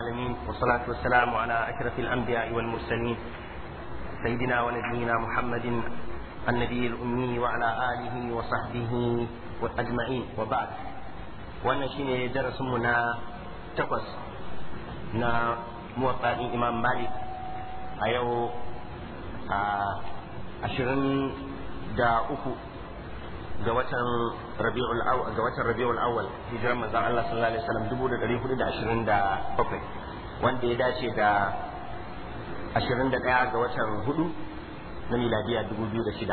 العالمين والصلاة والسلام على أشرف الأنبياء والمرسلين سيدنا ونبينا محمد النبي الأمي وعلى آله وصحبه أجمعين وبعد وأنا شيني درس منا تقص نا موطأ إمام مالك أيو عشرين دا أكو ga watan rabi'ul awwal ga watan rabi'ul awwal hijiran manzon Allah sallallahu alaihi wasallam 1427 wanda ya dace da 21 ga watan hudu na miladiya 2006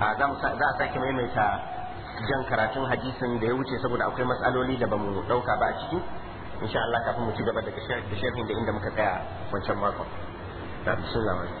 a za mu za a sake maimaita jan karatun hadisin da ya wuce saboda akwai matsaloli da bamu dauka ba a ciki insha Allah kafin mu ci gaba daga shafin da inda muka tsaya wancan makon da bismillah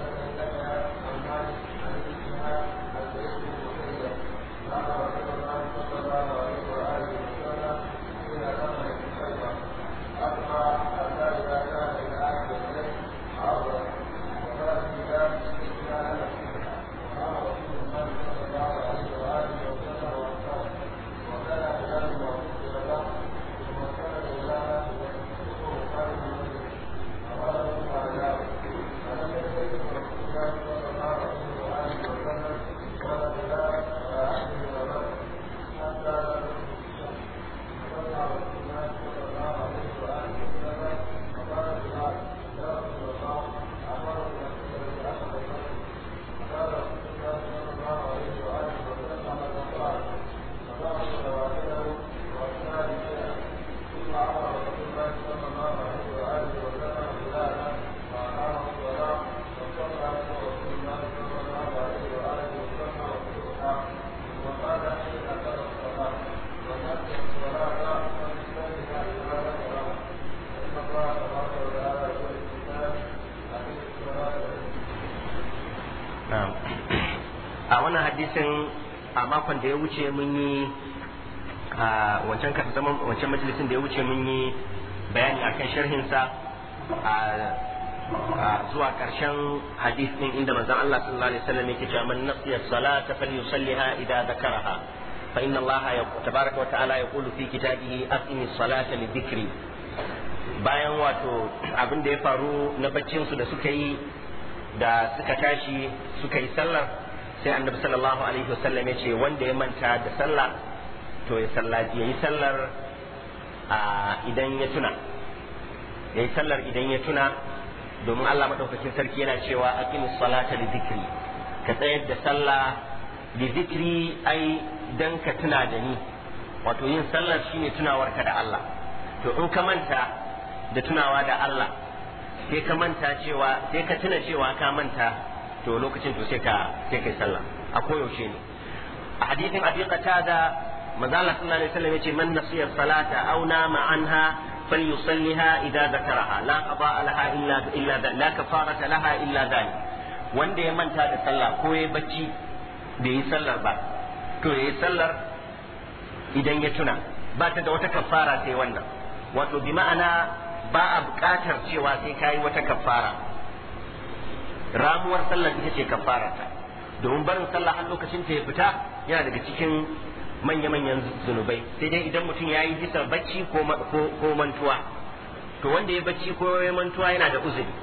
da ya wuce mun yi a wancan wancan majalisin da ya wuce mun yi bayani akan sharhin sa a zuwa karshen hadith din inda manzon Allah sallallahu alaihi wasallam yake cewa man nasiya salata falyusalliha idza dhakaraha fa inna Allah tabaraka wa ta'ala yaqulu fi kitabihi aqimi salata li dhikri bayan wato abin da ya faru na baccin su da suka yi da suka tashi suka yi sallar sai annabi sallallahu alaihi wasallam ya ce wanda ya manta da sallah to ya ya yi sallar idan ya tuna ya yi sallar idan ya tuna domin Allah madaukakin sarki yana cewa aqimus salata li dhikri ka tsayar da sallah li dhikri ai dan ka tuna da ni wato yin sallar shine tunawarka da Allah to in ka manta da tunawa da Allah sai ka manta cewa sai ka tuna cewa ka manta to lokacin to sai ka sai kai sallah a koyaushe ne a hadisin abi qatada manzo Allah sallallahu alaihi wasallam yace man nasiya salata aw nama anha falyusalliha idza dhakaraha la qada alaha illa illa la kafarata laha illa dhalik wanda ya manta da sallah ko ya bacci da yi sallar ba to ya yi sallar idan ya tuna ba ta da wata kafara sai wannan wato bi ma'ana ba a buƙatar cewa sai ka yi wata kafara ramuwar sallar ita ce kafara ta domin barin sallah har lokacin ta ya fita yana daga cikin manya-manyan zunubai sai dai idan mutum ya yi bisa bacci ko mantuwa to wanda ya bacci ko ya mantuwa yana da uzuri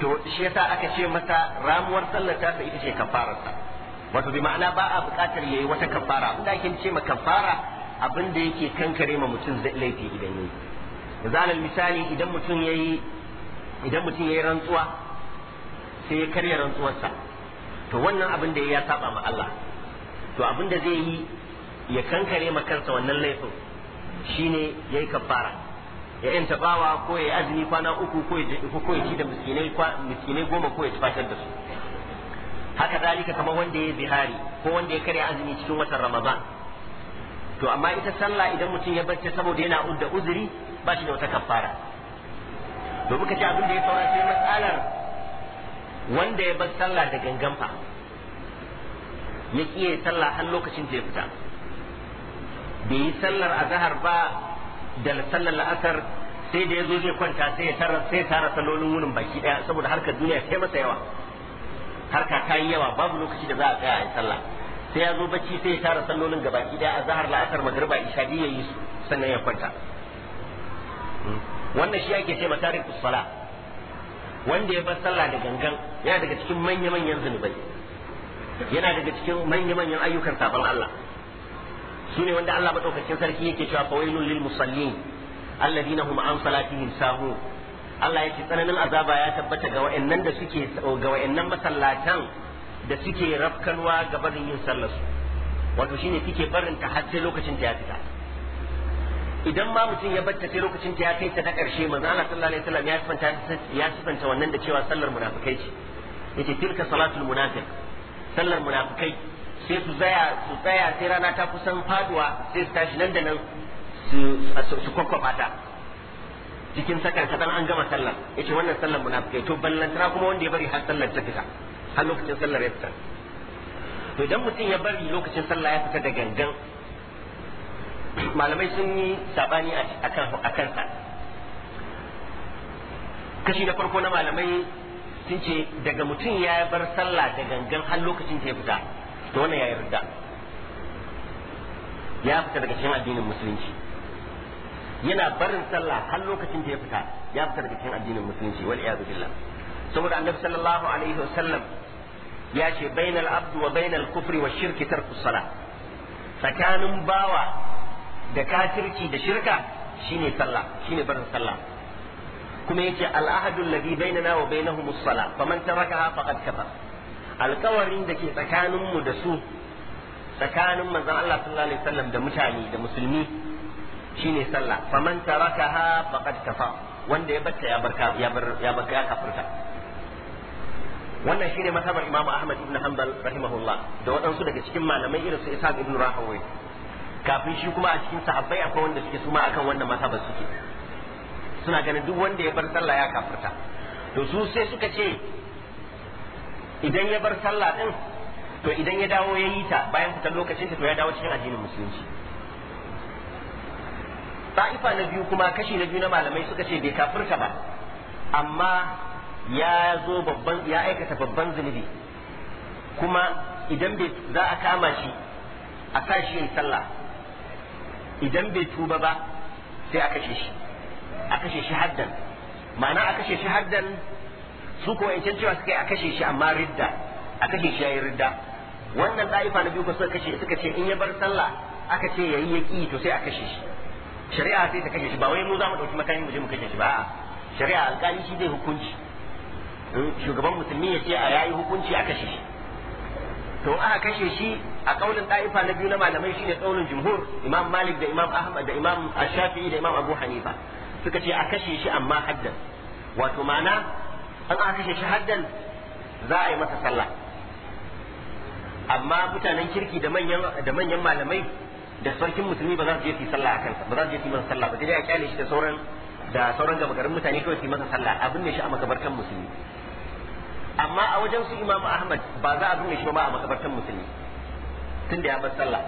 to shi yasa aka ce masa ramuwar sallar ta ita ce kafararsa wato bi ma'ana ba a buƙatar yayi wata kafara abin ake ce ma kafara abin da yake kankare ma mutum zai laifi idan yayi yanzu alal misali idan mutum yayi idan mutum yayi rantsuwa sai ya karya rantsuwarsa to wannan abin da ya saba ma Allah to abin da zai yi ya kankare ma kansa wannan laifin shine yayi kafara ya yanta bawa ko ya azumi kwana uku ko ya ko ya ci da miskinai miskinai goma ko ya tufatar da su haka zalika kamar wanda ya bihari ko wanda ya karya azumi cikin watan ramadan to amma ita sallah idan mutum ya barci saboda yana udda uzuri ba shi da wata kafara to muka ce abin da ya saura sai matsalar wanda ya bar sallah da gangan fa ya kiyaye sallah har lokacin da ya fita bai yi sallar azhar ba da sallar la'asar sai da ya zo zai kwanta sai ya tara sai tara salolin wurin baki daya saboda harkar duniya sai masa yawa harka ta yi yawa babu lokaci da za a tsaya a sallah sai ya zo bacci sai ya tara sallolin gaba daya azhar la'asar magriba isha ya yi su sannan ya kwanta hmm. wannan shi ake ce tarikus sala wanda ya bar sallah da gangan yana daga cikin manya manyan zunubai yana daga cikin manya manyan ayyukan sabon Allah shine wanda Allah madaukakin sarki yake cewa fawailul lil musallin alladhina hum an salatihim sahun Allah yake tsananin azaba ya tabbata ga wayannan da suke ga wayannan masallatan da suke rafkanwa ga barin yin sallar su wato shine suke barin ta har sai lokacin ta ya fita idan ma mutum ya batta sai lokacin ta ya kai ta na karshe manzo Allah sallallahu alaihi wasallam ya sifanta ya sifanta wannan da cewa sallar munafikai ce yace tilka salatul munafiq sallar munafikai sai su tsaya su tsaya sai rana ta kusan faduwa sai su tashi nan da nan su kwakwaba ta cikin sakan kadan an gama sallar yace wannan sallar munafikai to ballantana kuma wanda ya bari har sallar ta fita har lokacin sallar ya fita to idan mutum ya bari lokacin sallah ya fita da gangan malamai sun yi sabani a kansa kashi na farko na malamai sun ce daga mutum ya bar sallah da gangan har lokacin ta ya fita to wannan ya yarda ya fita daga cikin addinin musulunci yana barin sallah har lokacin ta ya fita ya fita daga cikin addinin musulunci wal iyadu billah saboda annabi sallallahu alaihi wasallam ya ce bainal abdu wa bainal kufri wa shirki tarku sala tsakanin bawa da kafirci da shirka shine sallah shine barin sallah kuma yace al-ahadu alladhi bainana wa bainahum as-salah faman tarakaha faqad kafara alkawarin da ke tsakanin mu da su tsakanin manzon Allah sallallahu alaihi wasallam da mutane da musulmi shine sallah faman tarakaha faqad kafa wanda ya bata ya bar ya bar ya kafirta wannan shine mazhabar Imam Ahmad ibn Hanbal rahimahullah da waɗansu daga cikin malamai irin su Isa ibn Rahawai kafin shi kuma a cikin sahabbai akwai wanda suke suma akan wannan ba suke suna ganin duk wanda ya bar sallah ya kafirta to su sai suka ce idan ya bar sallah din to idan ya dawo ya yi ta bayan fitar lokacin ta to ya dawo cikin addinin musulunci ta'ifa na biyu kuma kashi na biyu na malamai suka ce bai kafirta ba amma ya zo babban ya aikata babban zunubi kuma idan bai za a kama shi a sa shi yin sallah idan bai tuba ba sai a kashe shi a kashe shi haddan ma'ana a kashe shi haddan su kuwa in cewa suka yi a kashe shi amma ridda a kashe shi yayin ridda wannan ɗa'ifa na biyu ba suka kashe suka ce in ya bar sallah aka ce yayi ya ƙi to sai a kashe shi shari'a sai ta kashe shi ba wai mu za mu ɗauki makarin mu je mu kashe shi ba a'a shari'a alƙali shi zai hukunci shugaban musulmi ya ce a yayi hukunci a kashe shi to aka kashe shi a kaulin da'ifa na biyu na malamai shine kaulin jumhur imam malik da imam ahmad da imam shafi'i da imam abu hanifa suka ce a kashe shi amma haddan wato ma'ana an aka kashe shi haddan za a yi masa sallah amma mutanen kirki da manyan da manyan malamai da sarkin musulmi ba za su je su yi sallah a kansa ba za su je su yi masa sallah ba sai a kyale shi da sauran da sauran gabagarin mutane kawai su yi masa sallah abin ne shi a makabartan musulmi amma a wajen su imam ahmad ba za a binne shi ba a makabartan musulmi tun da ya bar sallah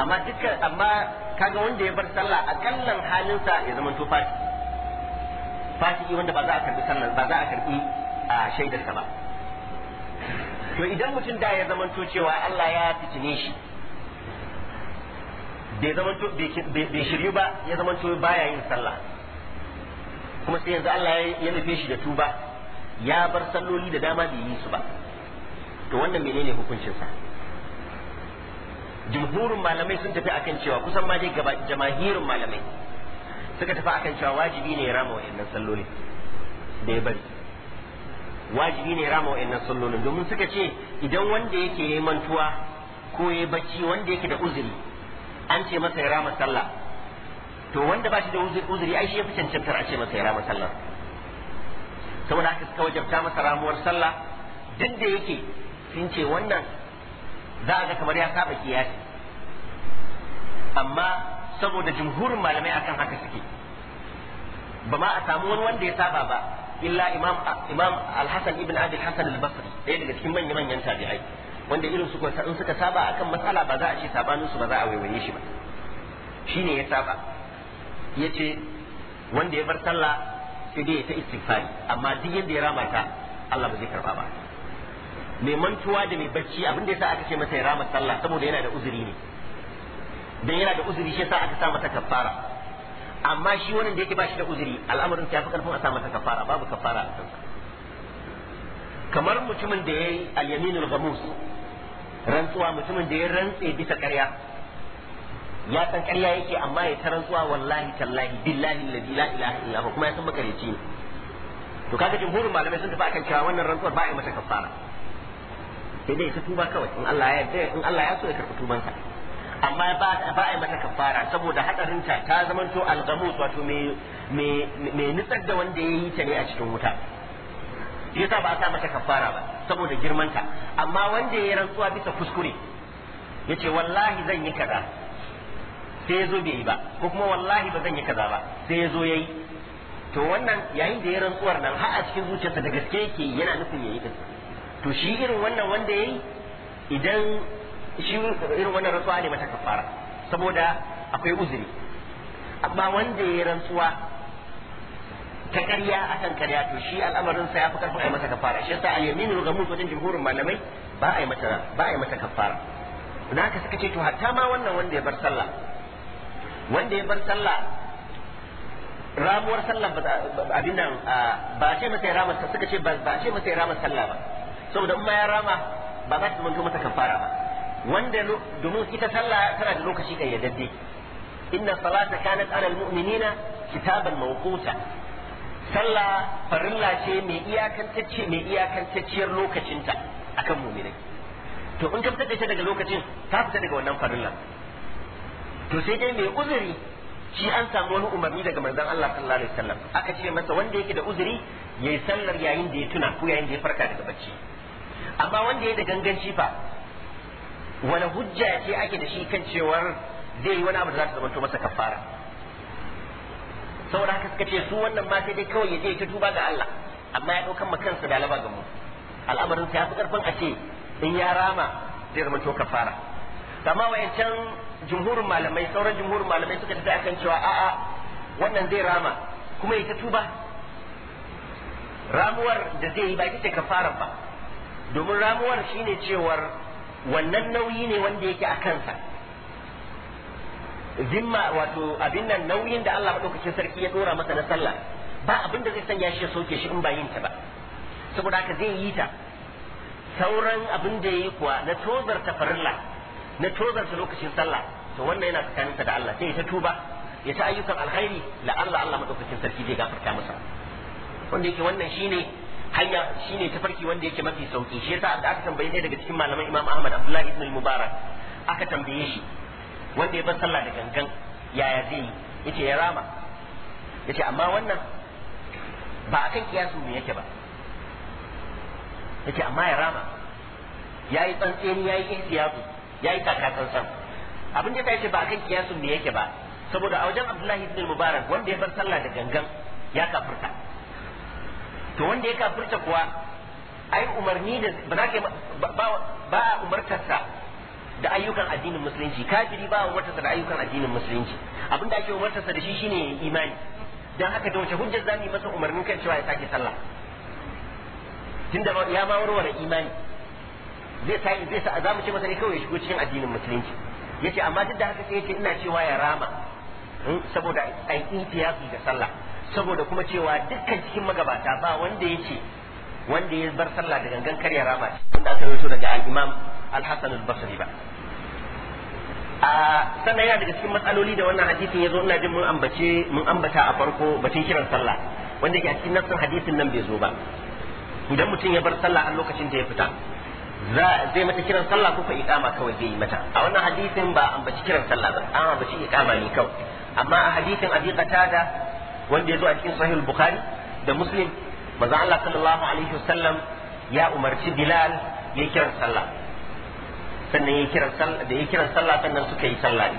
amma dukkan amma kaga wanda ya bar sallah a halin halinsa ya zama to fati wanda ba za a karbi sallah ba za a karbi a shaidarsa ba to idan mutum da ya zama to cewa Allah ya fitine shi bai to bai shiryu ba ya to baya yin sallah kuma sai yanzu Allah ya nufe shi da tuba ya bar salloli da dama bai yi su ba to wannan menene hukuncinsa jumhurin malamai sun tafi akan cewa kusan ma dai gaba jamahirin malamai suka tafi akan cewa wajibi ne ya rama wa'annan salloli da ya bari wajibi ne ya rama wa'annan sallolin domin suka ce idan wanda yake yi mantuwa ko ya bacci wanda yake da uzuri an ce masa ya rama sallah to wanda ba shi da uzuri ai shi ya fi cancantar a ce masa ya rama sallah saboda haka suka wajabta masa ramuwar sallah duk da yake sun ce wannan za a ga kamar ya saba kiyasi amma saboda jumhurin malamai akan haka suke ba ma a samu wani wanda ya saba ba illa imam imam al-hasan ibn abi al-hasan al-basri ɗaya daga cikin manyan manyan tabi'ai wanda irin su in suka saba akan matsala ba za a ce sabanin su ba za a waiwaye shi ba shine ya saba yace wanda ya bar sallah sai dai ta istighfari amma duk yadda ya ramata Allah ba zai karba ba mai mantuwa da mai bacci abin da yasa aka ce masa ya rama sallah saboda yana da uzuri ne dan yana da uzuri shi yasa aka sa masa kafara amma shi wannan da yake ba shi da uzuri al'amarin ya fi karfin a sa masa kafara babu kafara a kansa kamar mutumin da yayi al-yaminul ghamus rantsuwa mutumin da ya rantse bisa ƙarya ya san ƙarya yake amma ya ta rantsuwa wallahi tallahi billahi la ilaha illa kuma ya san makareci ne to kaga jumhurin malamai sun tafi akan cewa wannan rantsuwar ba a yi mata kafara sai dai ta tuba kawai in Allah ya yarda in Allah ya so ya karɓi tubansa amma ba ba ai mata kafara saboda hadarin ta ta zamanto algamus wato me me me nitsar da wanda ya yi ta ne a cikin wuta yasa ba ta sa mata kafara ba saboda girmanta amma wanda ya rantsuwa bisa kuskure yace wallahi zan yi kaza sai ya bai yi ba ko kuma wallahi ba zan yi kaza ba sai ya zo ya to wannan yayin da ya rantsuwar nan har a cikin zuciyarsa da gaske yake yana nufin ya yi to shi irin wannan wanda yayi idan shi irin wannan rantsuwa ne mata kafara saboda akwai uzuri amma wanda yayi rantsuwa ta ƙarya kan ƙarya to shi al'amarin sa fi karfin ai mata kafara shi yasa al-yaminu gamu wajen jihurin malamai ba yi mata ba a yi mata kafara dan haka suka ce to hatta ma wannan wanda ya bar sallah wanda ya bar sallah ramuwar sallah abin nan ba a ce masa ya suka ce ba a ce masa ya rama sallah ba saboda in ma ya rama ba za ta zama masa kafara ba wanda domin ita sallah tana da lokaci kayyadadde inna salata kanat ala almu'minina kitaban mawquta sallah farilla ce mai iyakantacce mai iyakantacciyar lokacinta akan mu'minai to in ka fitar da daga lokacin ta fita daga wannan farilla to sai dai mai uzuri shi an samu wani umarni daga manzon Allah sallallahu alaihi wasallam aka ce masa wanda yake da uzuri yayi sallar yayin da ya tuna ko yayin da ya farka daga bacci amma wanda ya da ganganci fa wani hujja ce ake da shi kan cewar zai yi wani abu da za ta zamanto masa kafara saboda haka suka ce su wannan ma sai dai kawai ya je ya tuba ga Allah amma ya ɗaukan ma kansa da laba ga mu al'amarin sa ya fi karfin a ce in ya rama zai zamanto kafara amma wayancan jumhurin malamai sauran jumhurin malamai suka tafi akan cewa a'a wannan zai rama kuma ya ta tuba ramuwar da zai yi ba ita ce kafaran ba domin ramuwar shine cewar wannan nauyi ne wanda yake a kansa zimma wato abin nan nauyin da Allah madaukakin sarki ya dora masa na sallah ba abin da zai sanya shi ya soke shi in ba yin ta ba saboda haka zai yi ta sauran abin da yayi kuwa na tozar ta farilla na tozar ta lokacin sallah to wannan yana tsakaninsa da Allah sai ya ta tuba ya ta ayyukan alkhairi la Allah Allah madaukakin sarki zai gafarta masa wanda yake wannan shine hanya shine tafarki wanda yake mafi sauki shi yasa aka tambaye ne daga cikin malaman Imam Ahmad Abdullahi ibn Mubarak aka tambaye shi wanda ya bar sallah da gangan yaya zai yi yace ya rama yace amma wannan ba akan kiyasu ne yake ba yace amma ya rama yayi tsantseni yayi ihtiyatu yayi san abin da yace ba akan kiyasu ne yake ba saboda a wajen Abdullahi ibn Mubarak wanda ya bar sallah da gangan ya kafirta to wanda ya kafirta kuwa ai umarni da ba za ka ba a umartarsa da ayyukan addinin musulunci kafiri ba a umartarsa da ayyukan addinin musulunci abin da ake umartarsa da shi shine imani dan haka da wace hujjar zamu yi masa umarnin kan cewa ya sake sallah tunda ya ma warware imani zai sai zai sa zamu ce masa ne kawai ya shigo cikin addinin musulunci yace amma duk da haka sai yace ina cewa ya rama hmm, saboda ai fi da sallah saboda kuma cewa dukkan cikin magabata ba wanda yake wanda ya bar sallah da gangan karya rama wanda aka rawaito daga al-Imam Al-Hasan Al-Basri ba a sannan yana daga cikin matsaloli da wannan hadisin yazo ina jin mun ambace mun ambata a farko batun kiran sallah wanda yake a cikin nassin hadisin nan bai zo ba idan mutum ya bar sallah a lokacin da ya fita zai mata kiran sallah ko fa iqama kawai zai yi mata a wannan hadisin ba ambaci kiran sallah ba an ambaci iqama ne kawai amma a hadisin abi qatada wanda ya zo a cikin sahih bukhari da muslim manzon Allah sallallahu alaihi wasallam ya umarci bilal ya kiran sallah sannan ya kiran sallah da ya kiran sallah sannan suka yi sallah ne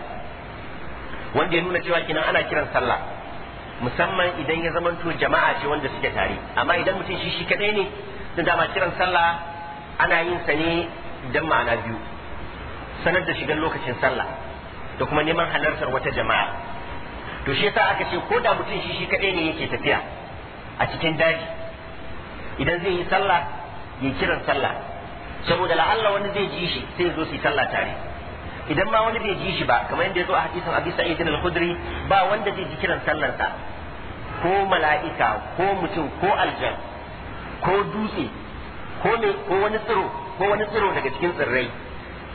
wanda ya nuna cewa kinan ana kiran sallah musamman idan ya zamanto jama'a ce wanda suke tare amma idan mutum shi shi kadai ne da dama kiran sallah ana yin sa ne dan ma'ana biyu sanar da shigar lokacin sallah da kuma neman halartar wata jama'a to shi yasa aka ce ko da mutum shi shi kadai ne yake tafiya a cikin daji idan zai yi sallah ya kiran sallah saboda la'alla wani zai ji shi sai zo su yi sallah tare idan ma wani bai ji shi ba kamar yadda ya zo a hadisin Abi Sa'id al-Khudri ba wanda zai ji kiran sallarsa ko mala'ika ko mutum ko aljan ko dutse ko ne ko wani tsiro ko wani tsiro daga cikin tsirrai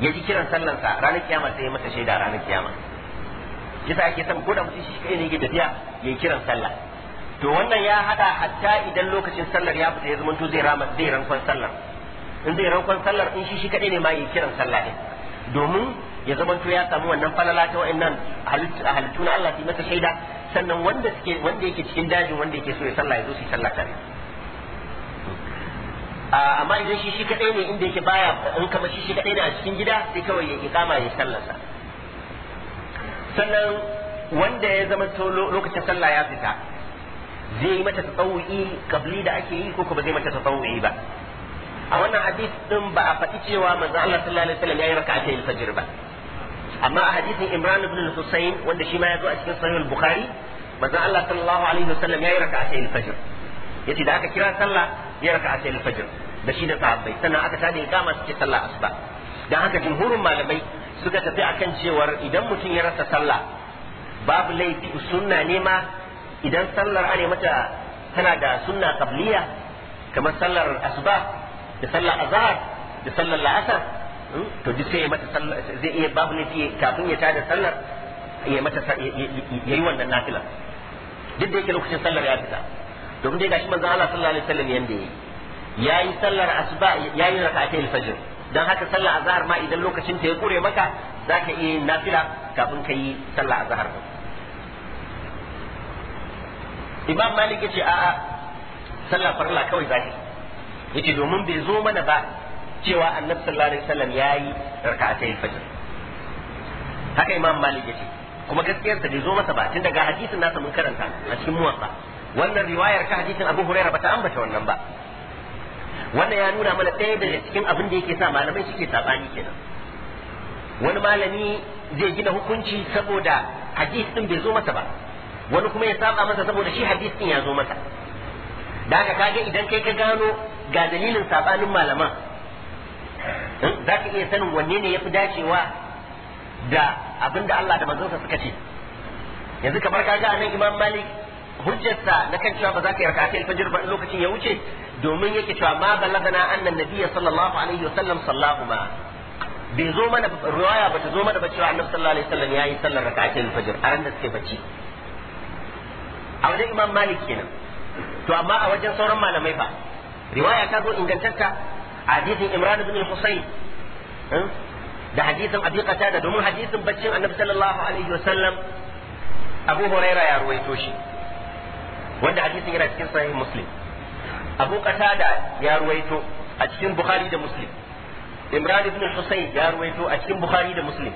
ya ji kiran sallar sa ranar kiyama sai ya masa shaida ranar kiyama yasa ake son ko da mutum shi kai ne yake tafiya yi kiran sallah to wannan ya hada hatta idan lokacin sallar ya fita ya zama to zai rama zai rankon sallar in zai rankon sallar in shi shi kadai ne ma yake kiran sallah din domin ya zama to ya samu wannan falala ta wa'annan halittu na Allah su mata shaida sannan wanda suke wanda yake cikin dajin wanda yake so ya sallah ya zo su sallah tare amma idan shi shi kadai ne inda yake baya in kama shi shi kadai ne a cikin gida sai kawai ya ikama ya sallarsa sannan wanda ya zama lokacin sallah ya fita zai yi mata tasawu'i kabli da ake yi ko ba zai mata tasawu'i ba a wannan hadis din ba a faɗi cewa manzo Allah sallallahu alaihi wasallam yi raka'a ta fajr ba amma a hadisin Imran ibn Husayn wanda shi ma ya zo a cikin sahih al-Bukhari manzo Allah sallallahu alaihi wasallam yayi raka'a ta fajr yace da aka kira sallah ya yi raka'a ta fajr da shi da sahabbai sannan aka tada ya kama su sallah asuba dan haka jumhurin malamai suka tafi akan cewar idan mutum ya rasa sallah babu laifi sunna ne ma idan sallar ane mata tana da sunna qabliya kamar sallar asuba da sallar azhar da sallar la'asar hmm, to duk sai mata zai iya babu laifi kafin ya tada sallar ya mata yayi wannan nafila duk da yake lokacin sallar ya fita domin dai gashi manzon Allah sallallahu alaihi wasallam yanda yayi yayi sallar asuba yayi raka'atul fajr dan haka sallah azhar ma idan lokacin ta ya kure maka zaka iya yin nafila kafin ka yi sallah azhar Imam Malik yace a'a sallah farla kawai zaki yace domin bai zo mana ba cewa Annabi sallallahu alaihi wasallam yayi rak'atai fajr haka Imam Malik yace kuma gaskiyar ta bai zo masa ba tun daga hadisin nasa mun karanta a cikin muwatta wannan riwayar ka hadisin Abu Hurairah bata ambata wannan ba wannan ya nuna mana ɗaya daga cikin abin da yake sa malamai suke sabani kenan wani malami zai gina hukunci saboda hadis din bai zo masa ba wani kuma ya saba masa saboda shi hadis din ya zo masa da haka kage idan kai ka gano ga dalilin sabanin malaman eh, za ka iya sanin wanne ne ya fi dacewa da abin da Allah da manzonsa suka ce yanzu kamar kaga nan Imam Malik hujjarsa na kan cewa ba za ka yi raka'atul fajr ba lokacin ya wuce domin yake cewa ma balagana annan nabiyya sallallahu alaihi wasallam sallahuma bai zo mana riwaya ba ta zo mana ba cewa annabi sallallahu alaihi wasallam yayi sallar raka'atul fajr a ran da suke bacci a wajen imam malik kenan to amma a wajen sauran malamai ba riwaya ta zo ingantacca a hadisin imran ibn al-husayn hmm, da hadisin abi qatada domin hadisin baccin annabi sallallahu alaihi wasallam abu huraira ya ruwaito shi wanda hadisin yana cikin sahih muslim abu qatada ya ruwaito a cikin bukhari da muslim imran ibn husayn ya ruwaito a cikin bukhari da muslim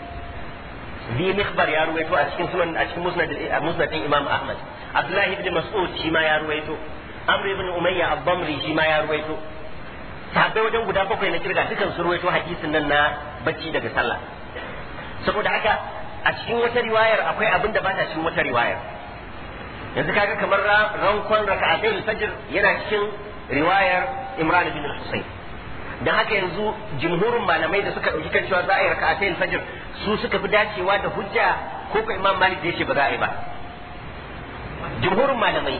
bi mikhbar ya ruwaito a cikin sunan a cikin musnad eh, musnad imam ahmad abdullahi ibn mas'ud shi ma ya ruwaito amr ibn umayya ad-damri shi ma ya ruwaito sahabbai wajen guda bakwai na kirga dukan su ruwaito hadisin nan na bacci daga sallah saboda haka a cikin wata riwayar akwai abin da ba ta cikin wata riwayar yanzu kaga kamar rankon raka'atul fajr yana cikin riwayar Imran bin Husayn dan haka yanzu jumhurin malamai da suka dauki kan cewa za a yi raka'atul fajr su suka fi dacewa da hujja ko ko Imam Malik da yace ba za a yi ba jumhurin malamai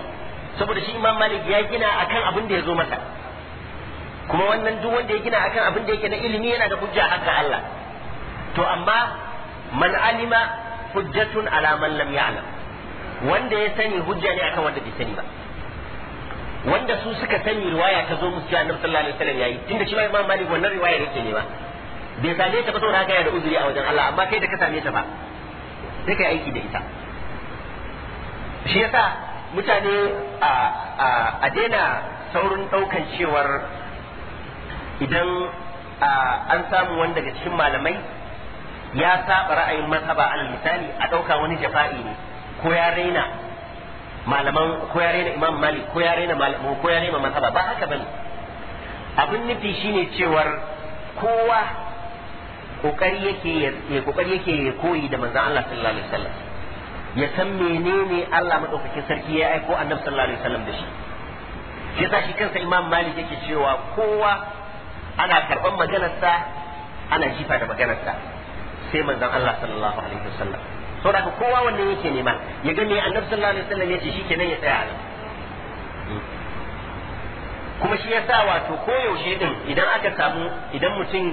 saboda shi Imam Malik ya gina akan abin da ya zo masa kuma wannan duk wanda ya gina akan abin da yake na ilimi yana da hujja haka Allah to amma man alima hujjatun ala man lam ya'lam wanda ya sani hujja ne akan wanda bai sani ba wanda su suka sani riwaya ta zo musu annabi sallallahu alaihi wasallam yayi tunda shi ma imam malik wannan riwaya yake ne ba bai same ta ba saboda haka yana da uzuri a wajen Allah amma kai da ka same ta ba sai kai aiki da ita shi yasa mutane a a daina saurin daukan cewar idan an samu wani daga cikin malamai ya saba ra'ayin mazhaba alal misali a dauka wani jafa'i ne ko ya raina malaman ko ya raina imam malik ko ya raina malamu ko ya raina masaba ba haka bane abin nufi shine cewar kowa kokari yake ya kokari yake ya koyi da manzon Allah sallallahu alaihi wasallam ya san menene Allah madaukakin sarki ya aiko annabi sallallahu alaihi wasallam da shi yasa shi kansa imam malik yake cewa kowa ana karban maganarsa ana jifa da maganarsa sai manzon Allah sallallahu alaihi wasallam saboda ka kowa wannan yake nema ya ga me annabi sallallahu alaihi wasallam yace kenan ya tsaya kuma shi ya sa wato ko yaushe din idan aka samu idan mutum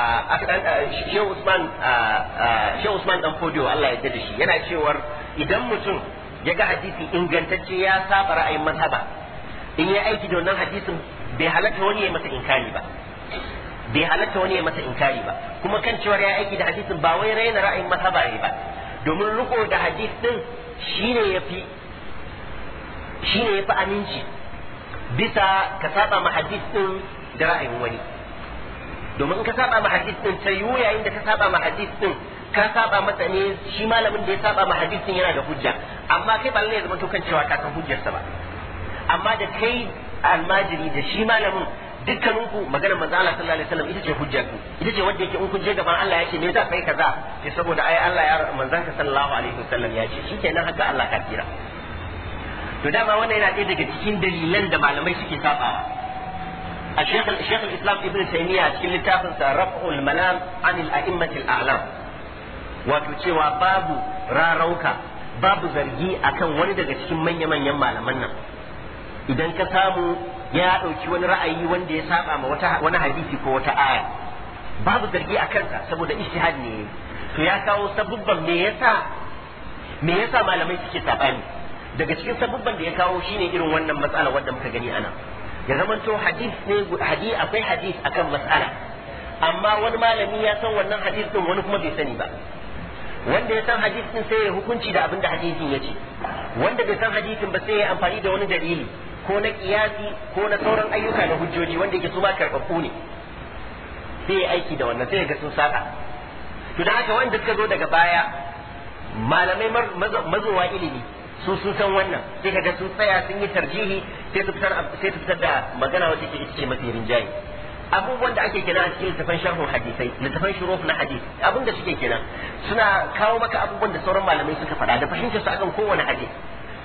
Shehu Usman Shehu Usman dan Fodio Allah ya da shi yana cewar idan mutum ya ga hadisi ingantacce ya saba ra'ayin mazhaba in ya aiki da wannan hadisin bai halatta wani ya masa inkari ba bai halatta wani ya masa inkari ba kuma kan cewar ya aiki da hadisin ba wai raina ra'ayin mazhaba ne ba domin riko da hadis din shine yafi shine yafi aminci bisa ka saba ma hadis din da ra'ayin wani domin ka saba ma hadis din ta yiwu yayin da ka saba ma hadis din ka saba masa ne shi malamin da ya saba ma hadis din yana da hujja amma kai ba lallai ya zama to kan cewa ka san hujjarsa ba amma da kai almajiri da shi malamin dukkanin ku maganar manzo Allah sallallahu alaihi wasallam ita ce hujja ku ita ce wanda yake in kun je gaban Allah yake me za kai kaza Ke saboda ai Allah ya manzon ka sallallahu alaihi wasallam ya ce shikenan haka Allah ka kira to dama wannan yana ɗaya daga cikin dalilan da malamai suke sabawa a Sheikh al-Islam Ibn Taymiyyah cikin littafin sa Raf'ul Malam an al-A'immat al-A'lam wato cewa babu rarauka babu zargi akan wani daga cikin manya-manyan malaman nan idan ka samu ya ɗauki wani ra'ayi wanda ya saba ma wani hadisi ko wata aya babu zargi a kansa saboda ishtihad ne to ya kawo sabubban me yasa me yasa malamai suke sabani daga cikin sabubban da ya kawo shine irin wannan matsala wanda muka gani ana ya zamanto hadis ne hadisi akwai hadis akan matsala amma wani malami ya san wannan hadis din wani kuma bai sani ba wanda ya san hadisin sai ya hukunci da abinda da hadisin ya ce wanda bai san hadisin ba sai ya amfani da wani dalili ko na kiyasi ko na sauran ayyuka na hujjoji wanda yake su ma karɓaɓɓu ne sai ya aiki da wannan sai ya ga sun saka to da haka wanda suka zo daga baya malamai mazowa ilimi su sun san wannan sai ga sun tsaya sun yi tarjihi sai su fitar sai su fitar da magana wacce ke ita ce mafi rinjaye abubuwan da ake kina a cikin littafan sharhun hadisai littafan shuruf na hadis abin da suke kina suna kawo maka abubuwan da sauran malamai suka faɗa da fahimtar su akan kowane hadis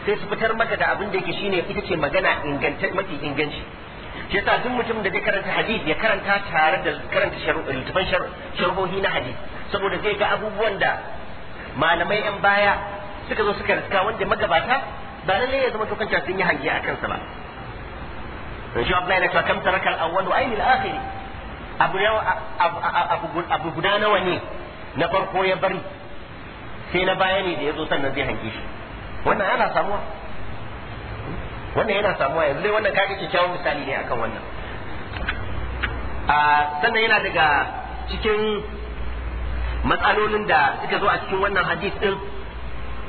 sai su fitar maka da abin da yake shine ita ce magana inganta mafi inganci shi yasa duk mutum da zai karanta hadith ya karanta tare da karanta littafan sharhohi na hadith saboda zai ga abubuwan da malamai yan baya suka zo suka riska wanda magabata ba lallai ya zama tokanta sun yi hangiya a kansa ba in shi Abdullahi na kam taraka al-awwal wa ayni al abu abu guda nawa ne na farko ya bari sai na baya ne da ya zo sannan zai hange shi wannan yana samuwa wannan yana samuwa yanzu dai wannan kaga kyakkyawan misali ne akan wannan sannan yana daga cikin matsalolin da suka zo a cikin wannan hadis din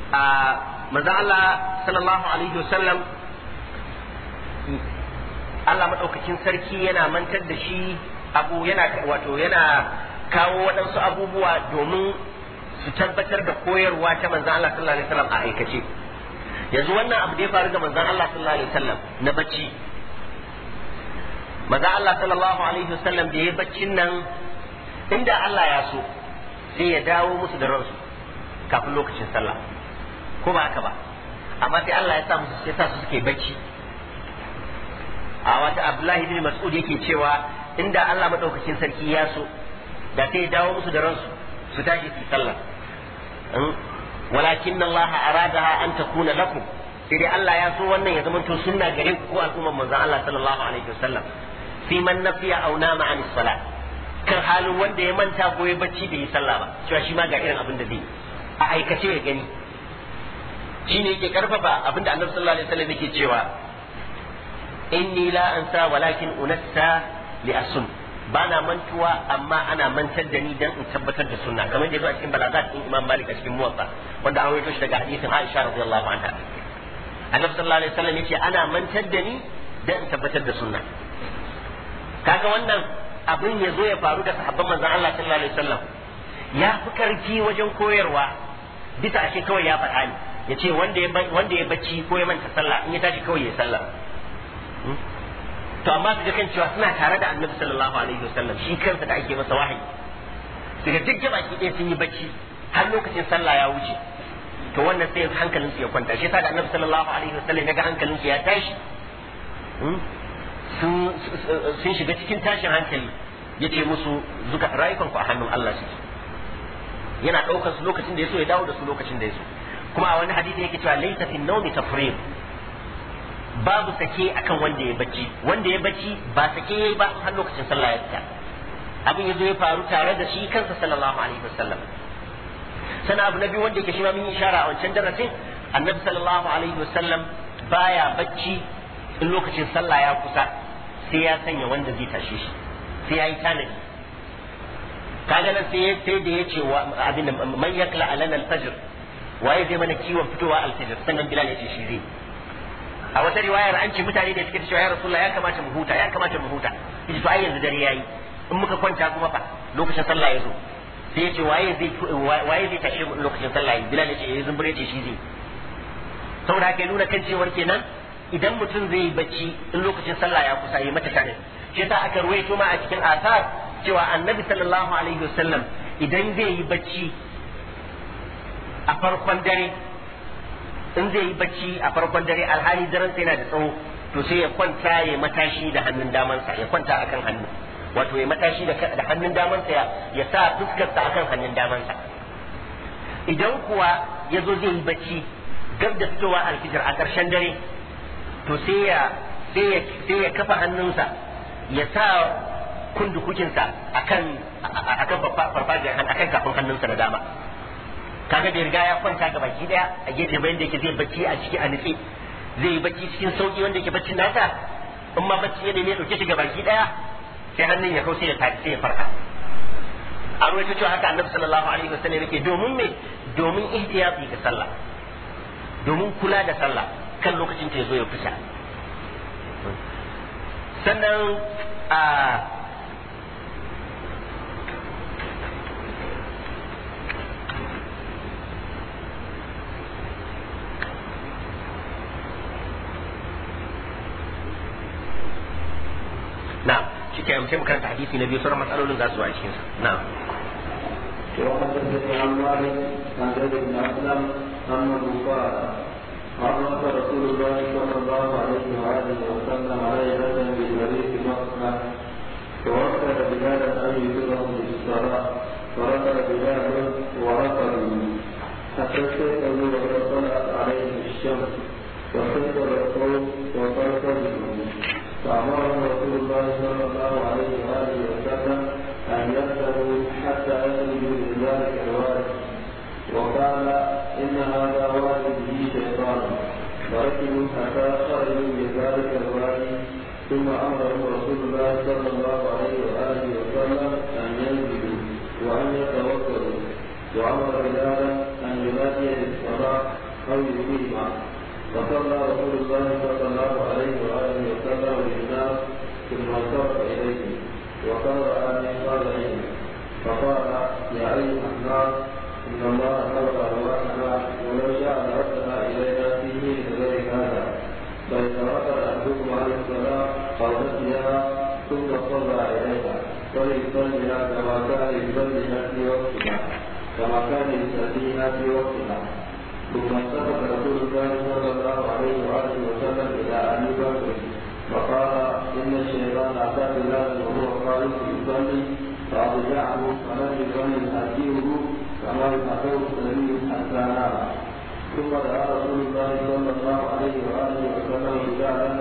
a manzon Allah sallallahu alaihi wasallam Allah madaukakin sarki yana mantar da shi abu yana wato yana kawo waɗansu abubuwa domin su tabbatar da koyarwa ta manzo Allah sallallahu alaihi wasallam a aikace yanzu wannan abu da ya faru ga manzon Allah sallallahu alaihi wasallam na bacci manzon Allah sallallahu alaihi wasallam da ya baccin nan inda Allah ya so sai ya dawo musu da ransu kafin lokacin sallah ko ba haka ba amma sai Allah ya sa musu sai sa su suke bacci a wata Abdullahi bin Mas'ud yake cewa inda Allah madaukakin sarki ya so da sai ya dawo musu da ransu su tashi su sallah hmm? walakin Allah aradaha an takuna lakum sai dai Allah ya so wannan ya zama to sunna gare ku ko al'ummar manzon Allah sallallahu alaihi wasallam fi man nafiya aw nama an salat Kar halin wanda ya manta ko ya bacci bai yi sallah ba cewa shi ma ga irin abin da zai a aikace ya gani shine yake karfafa abin da Annabi sallallahu alaihi wasallam yake cewa inni la ansa walakin unassa li asun ba na mantuwa amma ana mantar da ni dan in tabbatar da sunna kamar da zo a cikin balagat din Imam Malik a cikin Muwatta wanda an rawaito shi daga hadisin Aisha radiyallahu anha Annabi sallallahu alaihi wasallam yace ana mantar da ni dan in tabbatar da sunna kaga wannan abin ya zo ya faru da sahabban manzon Allah sallallahu alaihi wasallam ya fi karfi wajen koyarwa bisa ake kawai ya faɗa ne yace wanda ya wanda ya bacci ko ya manta sallah in ya tashi kawai ya sallah to amma su kan cewa suna tare da annabi sallallahu alaihi wasallam shi kansa da ake masa wahayi daga duk baki ɗaya sun yi bacci har lokacin sallah ya wuce to wannan sai hankalin su ya kwanta shi yasa da annabi sallallahu alaihi wasallam ya ga hankalin su ya tashi hmm? sun shiga cikin tashin hankali ya ce musu zuka rayukan ku a hannun Allah suke yana ɗaukar su lokacin da ya so ya dawo da su lokacin da ya so kuma a wani hadisi yake cewa laisa fi nawmi tafriq babu sake akan wanda ya bacci wanda ya bacci ba sake yayi ba har lokacin sallah ya fita abin ya zo ya faru tare da shi kansa sallallahu alaihi wasallam sana abu na biyu wanda yake shi ma mun ishara a wancan darasin annabi sallallahu alaihi wasallam baya bacci in lokacin sallah ya kusa sai ya sanya wanda zai tashe shi sai ya yi tanadi kaga nan sai sai da yace wa abin man yakla alana alfajr waye zai mana kiwon fitowa alfajr sannan bilal ce shi zai a wata riwayar an ce mutane da suke cewa ya rasulullah ya kamata mu huta ya kamata mu huta yace to ai yanzu dare yayi in muka kwanta kuma fa lokacin sallah ya zo sai ya ce waye zai waye zai tashi lokacin sallah bilal ya ce eh, ya zumbure ce shi zai saboda haka ya nuna kan cewar kenan idan mutum zai yi bacci in lokacin sallah ya kusa yi mata tare shi yasa aka ruwaito ma a cikin asar cewa annabi sallallahu alaihi wasallam idan zai yi bacci a farkon dare in zai yi bacci a farkon dare alhali daren sai yana da tsawo to sai ya kwanta ya matashi da hannun damansa ya kwanta akan hannu wato ya matashi da hannun damansa ya sa fuskarsa akan hannun damansa idan kuwa ya zo zai yi bacci gab da fitowa alfijir a ƙarshen dare to sai ya sai ya kafa hannunsa ya sa kundukukinsa akan akan farfajiyar akan kafin hannunsa na dama kaga bai riga ya kwanta ga baki daya a gefe bayan da yake zai bacci a ciki a nutse zai yi bacci cikin sauki wanda yake baccin nasa in ma bacci ya neme dauke shi ga baki daya sai hannun ya kauce ya tafi sai ya farka a ruwaito cewa haka annabi sallallahu alaihi wasallam yake domin me domin ihtiyafi ga sallah domin kula da sallah kan lokacin ta yazo ya fita sannan a sai mu karanta hadisi na biyu sauran matsalolin za su a cikin sa na'am وحدثني عن مالك عن زيد بن اسلم قال رسول الله صلى الله عليه واله وسلم ليله بالمريض مصر فوكل بلال ان يدرهم بالصلاة فركب بلال وركبوا حتى استيقظوا وقد طلعت عليه الشمس الرسول القوم وقد فأمرهم رسول الله صلى الله عليه وآله وسلم أن يفتروا حتى يخرجوا من ذلك الوارد وقال إن هذا وارد به شيطان فركبوا حتى خرجوا من ذلك الوادي ثم أمرهم رسول الله صلى الله عليه وآله وسلم أن ينزلوا وأن يتوكلوا وأمر بلالا أن ينادي للصلاة أو يقيم فصلى رسول الله صلى الله عليه وآله وسلم للناس ثم انصرف إليه وقرأ بقارئين إيه؟ فقال يا أيها الناس إن الله خلق أرواحنا ولو شاء لردها إلينا فيه من غير هذا بل تركنا أحدكم عليه السلام فردتها ثم صلى إليها وليصليها كما كان يصليها في وقتها كما كان يصليها في وقتها ثم استفق رسول الله صلى الله عليه واله وسلم الى ابي بكر فقال ان الشيطان اتى بلالا وهو خالص يصلي فاضجعه فلم يصلي ياتيه كما يتحول النبي حتى نام ثم دعا رسول الله صلى الله عليه واله وسلم رجالا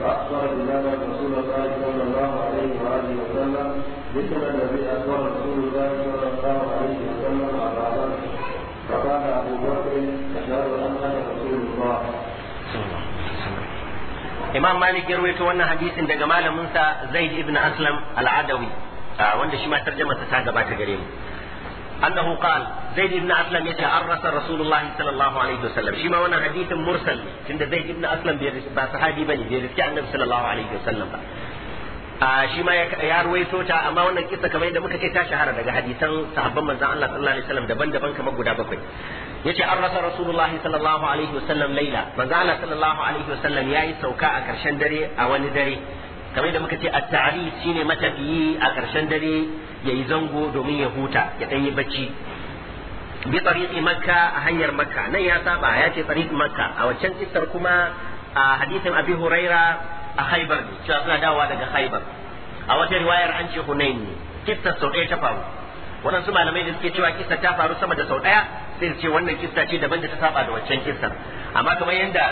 فاخبر بلال رسول الله صلى الله عليه واله وسلم مثل الذي اخبر رسول الله صلى الله عليه وسلم على ذلك فقال ابو بكر imam malik ya rawaito wannan hadisin daga malamin sa zaid ibn aslam al-adawi wanda shi ma tarjama ta gabata gare mu annahu qala zaid ibn aslam yace arrasa rasulullahi sallallahu alaihi wasallam shi ma wannan hadisin mursal ne tunda zaid ibn aslam ba sahabi bane bai riski annabi sallallahu alaihi wasallam ba shi ma ya ruwaito ta amma wannan kisa kamar yadda muka ce ta shahara daga hadisan sahabban manzon Allah sallallahu alaihi wasallam daban-daban kamar guda bakwai yace an rasa rasulullah sallallahu alaihi wasallam laila manzon Allah sallallahu alaihi wasallam yayi sauka a karshen dare a wani dare kamar yadda muka ce at-ta'ali shine matafiyi a karshen dare yayi zango domin ya huta ya dan yi bacci bi tariqi makka a hanyar makka nan ya saba ya ce tariqi makka a waccan kisar kuma a hadisin abi huraira a haibar ne cewa suna dawowa daga haibar a wata riwayar an ce hunain ne kissa sau ɗaya ta faru waɗansu malamai da suke cewa kissa ta faru sama da sau ɗaya sai su ce wannan kissa ce daban da ta saba da waccan kista. amma kamar yadda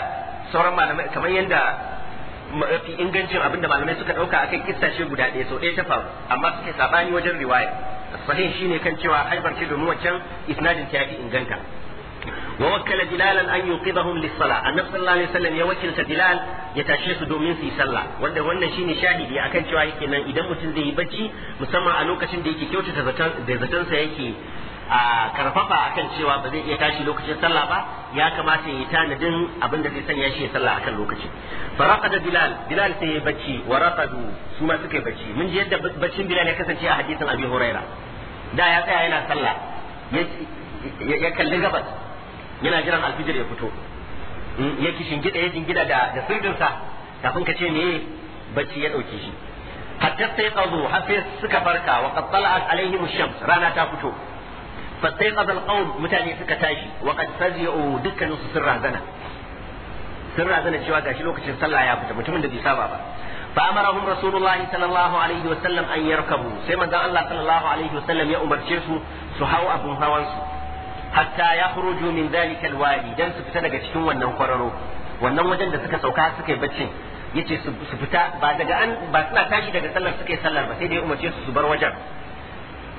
sauran malamai kamar yadda mafi ingancin abin da malamai suka ɗauka akan kissa ce guda ɗaya sau ɗaya ta faru amma suke sabani wajen riwaya sahih shine kan cewa haibar ce domin waccan isnadin ta fi inganta ووكل بلالا أن يوقظهم للصلاة النبي صلى الله عليه وسلم يوكل tashe su دومين في sallah. wanda wannan shine shahidi akan cewa nan idan mutum zai yi bacci musamman a lokacin da yake kyautata da zaton sa yake a karfafa akan cewa ba zai iya tashi lokacin sallah ba ya kamata ya yi tanadin abin da zai sanya shi ya sallah akan lokaci faraqada bilal bilal sai ya bacci wa raqadu su ma suka yi bacci mun ji yadda baccin bilal ya kasance a hadisin abi huraira da ya tsaya yana sallah ya kalli gabas yana jiran alfijir ya fito hmm, ya ki shingida ya jingida da da sirrinsa kafin ka ce me bacci ya dauke shi hatta sai qazu har sai suka farka wa qad tala'at alaihim shams rana ta fito fa sai qazal qaum mutane suka tashi wa qad fazi'u dukkanin su sun razana sun razana cewa gashi lokacin sallah ya fita mutumin da bai saba ba فأمرهم رسول الله صلى الله عليه وسلم أن يركبوا سيما الله صلى الله عليه وسلم يأمر شرسو سحاو أبو هوانسو hatta ya khuruju min zalika alwadi dan su fita daga cikin wannan kwararo wannan wajen da suka sauka suka yi baccin yace su fita ba daga an ba suna tashi daga sallar suka yi sallar ba sai dai umarce su su bar wajen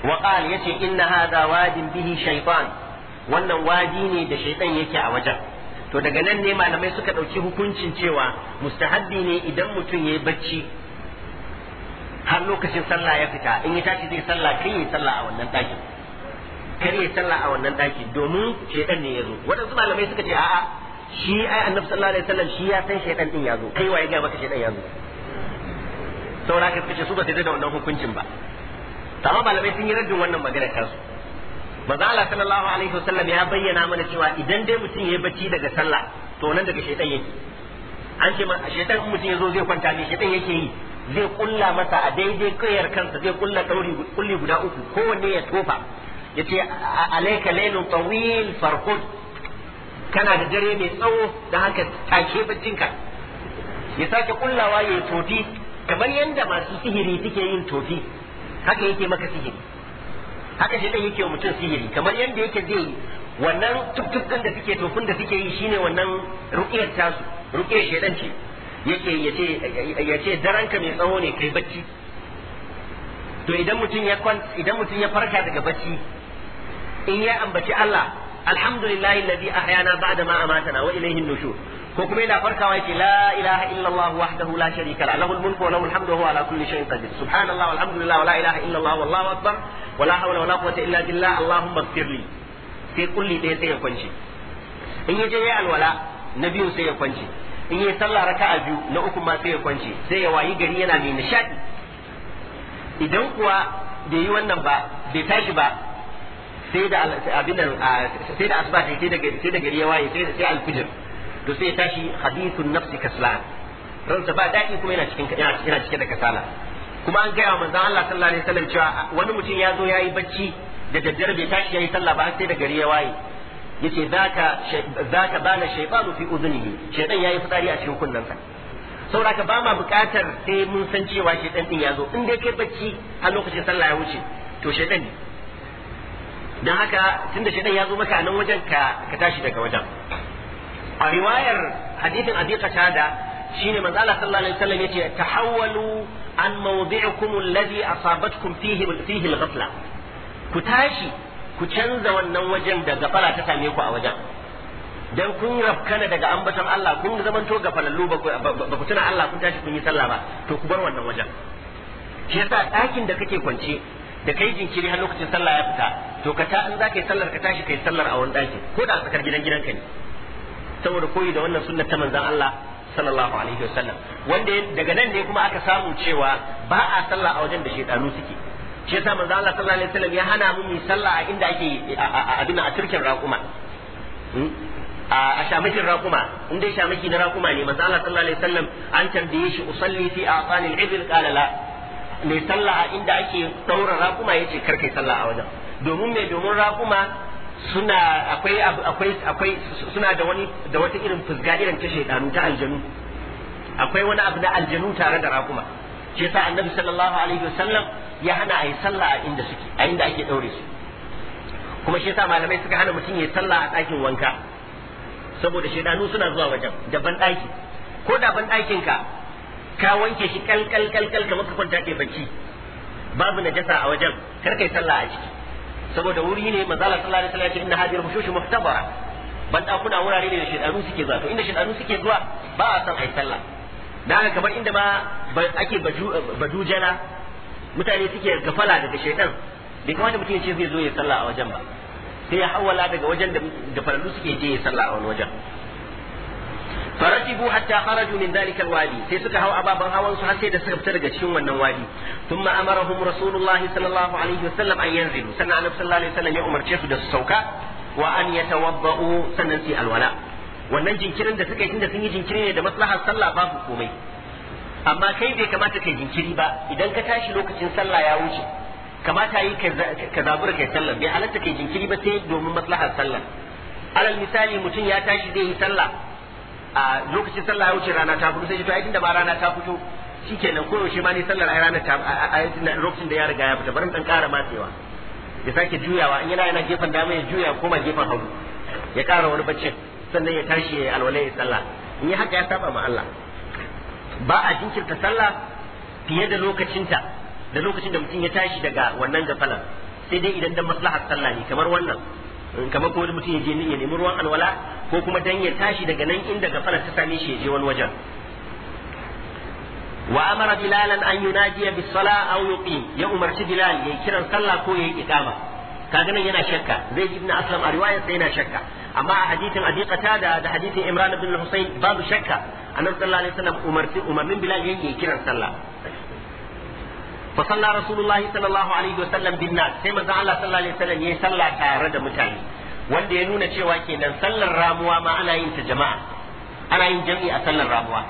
wa qala yace inna hadha wadin bihi shaytan wannan wadi ne da shaytan yake a wajen to daga nan ne malamai suka dauki hukuncin cewa mustahabbi ne idan mutum yayi bacci har lokacin sallah ya fita in ya tashi zai sallah kai ya sallah a wannan ɗakin kare ya sallah a wannan daki domin shedan ne ya zo waɗansu malamai suka ce a'a shi ai annabi sallallahu alaihi wasallam shi ya san shedan din ya zo kai waye ga maka shedan ya zo saboda haka suka ce su ba su da wannan hukuncin ba amma malamai sun yi raddin wannan magana kansu manzo Allah sallallahu alaihi wasallam ya bayyana mana cewa idan dai mutum yayi bacci daga sallah to nan daga shedan yake an ce ma shedan in mutum yazo zai kwanta ne shedan yake yi zai kulla masa a daidai kayar kansa zai kulla dauri kulli guda uku kowanne ya tofa yace alayka laylun tawil farqud kana da dare mai tsawo dan haka take ka ya sake kullawa yayi tofi kamar yanda masu sihiri suke yin tofi haka yake maka sihiri haka shi dan yake wa mutum sihiri kamar yanda yake zai wannan tuktukin da suke tofin da suke yi shine wannan ruqiyar tasu ruqiyar shedan ce yake yace yace daranka mai tsawo ne kai bacci to idan mutum ya idan mutum ya farka daga bacci in ya ambaci Allah alhamdulillahi alladhi ahyana ba'da ma amatana wa ilayhi nushur ko kuma yana farkawa yake la ilaha illa wahdahu la sharika la lahul mulku wa lahul hamdu wa huwa ala kulli shay'in qadir subhanallah walhamdulillah wa la ilaha illa Allah wallahu akbar wa la hawla wa la quwwata illa billah allahumma ighfirli sai kulli ɗaya sai ya kwance in ya je ya alwala na biyu sai ya kwance in ya sallah raka'a biyu na uku ma sai ya kwance sai ya wayi gari yana mai nishadi idan kuwa bai yi wannan ba bai tashi ba sai da abin sai da sai da sai da gari ya waye sai da sai alfijir to sai ya tashi hadithun nafsi kaslan ransa ba daɗi kuma yana cikin yana cike da kasala kuma an gaya manzon Allah sallallahu alaihi wasallam cewa wani mutum ya zo yayi bacci da daddare bai tashi yayi sallah ba sai da gari ya waye yace zaka zaka bana shaytanu fi udhunihi shaytan yayi fitsari a cikin kunnensa saboda ka ba ma bukatar sai mun san cewa shaytan din ya zo in dai kai bacci a lokacin sallah ya wuce to shaytan ne dan haka tunda shedan ya zo maka a nan wajen ka ka tashi daga wajen a riwayar hadithin abi qatada shine manzo Allah sallallahu alaihi wasallam yace tahawwalu an mawdi'ukum alladhi asabatkum fihi fihi alghafla ku tashi ku canza wannan wajen da gafara ta same ku a wajen dan kun rafkana daga ambaton Allah kun zamanto gafalallu ba ku tuna Allah kun tashi kun yi sallah ba to ku bar wannan wajen shi yasa ɗakin da kake kwance da kai jinkiri har lokacin sallah ya fita to ka ta in za ka yi sallar ka tashi ka yi sallar a wani daki ko da tsakar gidan gidanka ne saboda koyi da wannan sunnar ta manzon Allah sallallahu alaihi wasallam wanda daga nan ne kuma aka samu cewa ba a sallah a wajen da shedanu suke shi yasa manzon Allah sallallahu alaihi wasallam ya hana mu mu sallah a inda ake abin a turkin raƙuma hmm? a shamakin raƙuma in dai shamaki na raƙuma ne manzon Allah sallallahu alaihi wasallam an tambaye shi usalli fi aqanil ibil qala la mai sallah a inda ake daura raƙuma ya ce kar sallah a wajen domin mai domin raƙuma suna akwai akwai akwai suna da wani da wata irin fusga irin ta shaidanu ta aljanu akwai wani abu na aljanu tare da raƙuma shi yasa annabi sallallahu alaihi wasallam ya hana a yi sallah a inda suke a inda ake daure su kuma shi yasa malamai suka hana mutum ya sallah a ɗakin wanka saboda shaidanu suna zuwa wajen da ban ɗaki ko da ban ɗakin ka ka wanke shi kal kal kal kal kamar ka kwanta kai bacci babu najasa a wajen kar kai sallah a ciki saboda wuri ne manzala sallallahu alaihi wasallam ya ce inna hadhihi al-hushush muhtabara ban kuna wurare ne da shedanu suke zuwa to inda shedanu suke zuwa ba a san ai sallah dan haka kamar inda ma ake badujala mutane suke gafala daga shedan bai kamata mutum ya ce zai zo ya sallah a wajen ba sai ya hawala daga wajen da farallu suke je ya sallah a wani wajen فركبوا حتى خرجوا من ذلك الوادي sai suka hau ababan hawan su har sai da suka fita daga cikin wannan wadi thumma amarahum rasulullah sallallahu alaihi wasallam an yanzilu sannan annabi sallallahu alaihi wasallam ya umarce su da su sauka wa an yatawaddau sannan sai alwala wannan jinkirin da suka yi tunda sun yi jinkiri ne da maslahar sallah babu komai amma kai bai kamata kai jinkiri ba idan ka tashi lokacin sallah ya wuce kamata yi ka zabura kai sallah bai halatta kai jinkiri ba sai domin maslahar sallah alal misali mutum ya tashi zai yi sallah a lokacin sallah ya wuce rana ta fito sai to ai da ba rana ta fito shikenan yaushe ma ni sallar ai rana ta lokacin da ya riga ya fita bari dan ƙara matsewa ya sake juyawa in yana yana gefen dama ya juya koma gefen hagu ya ƙara wani baccin sannan ya tashi ya alwala ya sallah in yi haka ya saba ma Allah ba a jinkirta sallah fiye da lokacinta da lokacin da mutum ya tashi daga wannan gafalar sai dai idan da maslahar sallah ne kamar wannan kamar ko mutum ya je ya nemi ruwan alwala ko kuma dan ya tashi daga nan inda gafalar ta same shi ya je wani wajen wa amara bilalan an yunadiya bis sala aw yuqim ya umarci bilal ya kiran sallah ko ya yi iqama kaga nan yana shakka zai ibn aslam a riwayar sai yana shakka amma a hadisin adiqata da da hadisin imran ibn husayn babu shakka annabi sallallahu alaihi wasallam umarci umarnin bilal ya yi kiran sallah fa salla rasulullahi sallallahu alaihi wasallam bin nas sai manzon Allah sallallahu alaihi wa wasallam yayi sallah tare da mutane wanda ya nuna cewa kenan sallar ramuwa ma ana yin ta jama'a ana yin jami'i a sallar ramuwa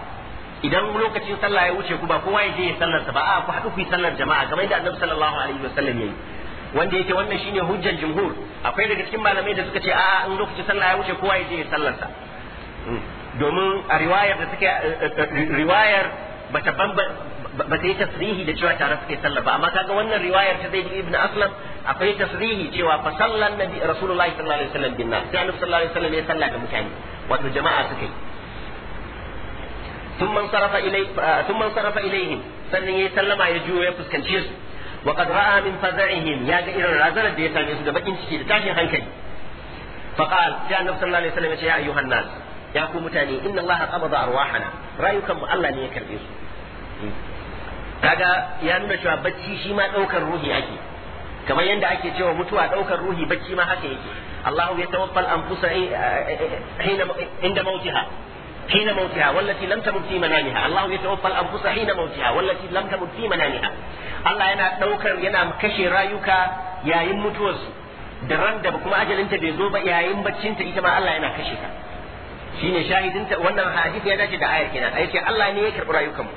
idan lokacin sallah ya wuce ku ba kowa ya je ya sallar ba a ku haɗu ku yi sallar jama'a kamar yadda annabi sallallahu alaihi wa wasallam yayi wanda yake wannan shine hujjar jumhur akwai daga cikin malamai da suka ce a'a in lokacin sallah ya wuce kowa ya je ya sallar sa hmm. domin a riwayar da take eh, eh, eh, riwayar bata ba ta yi tasrihi da cewa tare suke sallah ba amma kaga wannan riwayar ta zai ibn Aslam akwai tasrihi cewa fa sallan nabi Rasulullahi sallallahu alaihi wasallam bin nas sai Annabi sallallahu alaihi wasallam ya sallah da mutane wato jama'a suka yi ثم انصرف إلي ثم انصرف إليهم sannan ya sallama ya juyo ya fuskance su wa qad ra'a min faza'ihim ya ga irin razanar da ya same su da bakin ciki da tashin hankali fa qala ya annabi sallallahu alaihi wasallam ya ce ya ya mutane rayukan mu Allah ne ya karbe su hmm. kaga ya nuna cewa bacci shi ma daukar ruhi ake kamar yadda ake cewa mutuwa ɗaukar ruhi bacci ma haka yake Allahu ya tawaffal anfusa hina mautiha hina mautiha wallati lam tamut fi Allahu ya tawaffal anfusa hina mautiha wallati lam tamut fi manamiha Allah yana daukar yana kashe rayuka yayin mutuwarsu da ran da kuma ajalinta bai zo ba yayin baccinta ita ma Allah yana kashe ka shine shahidinta wannan hadisi ya dace da ayar kenan Allah ne ya karbi rayukan mu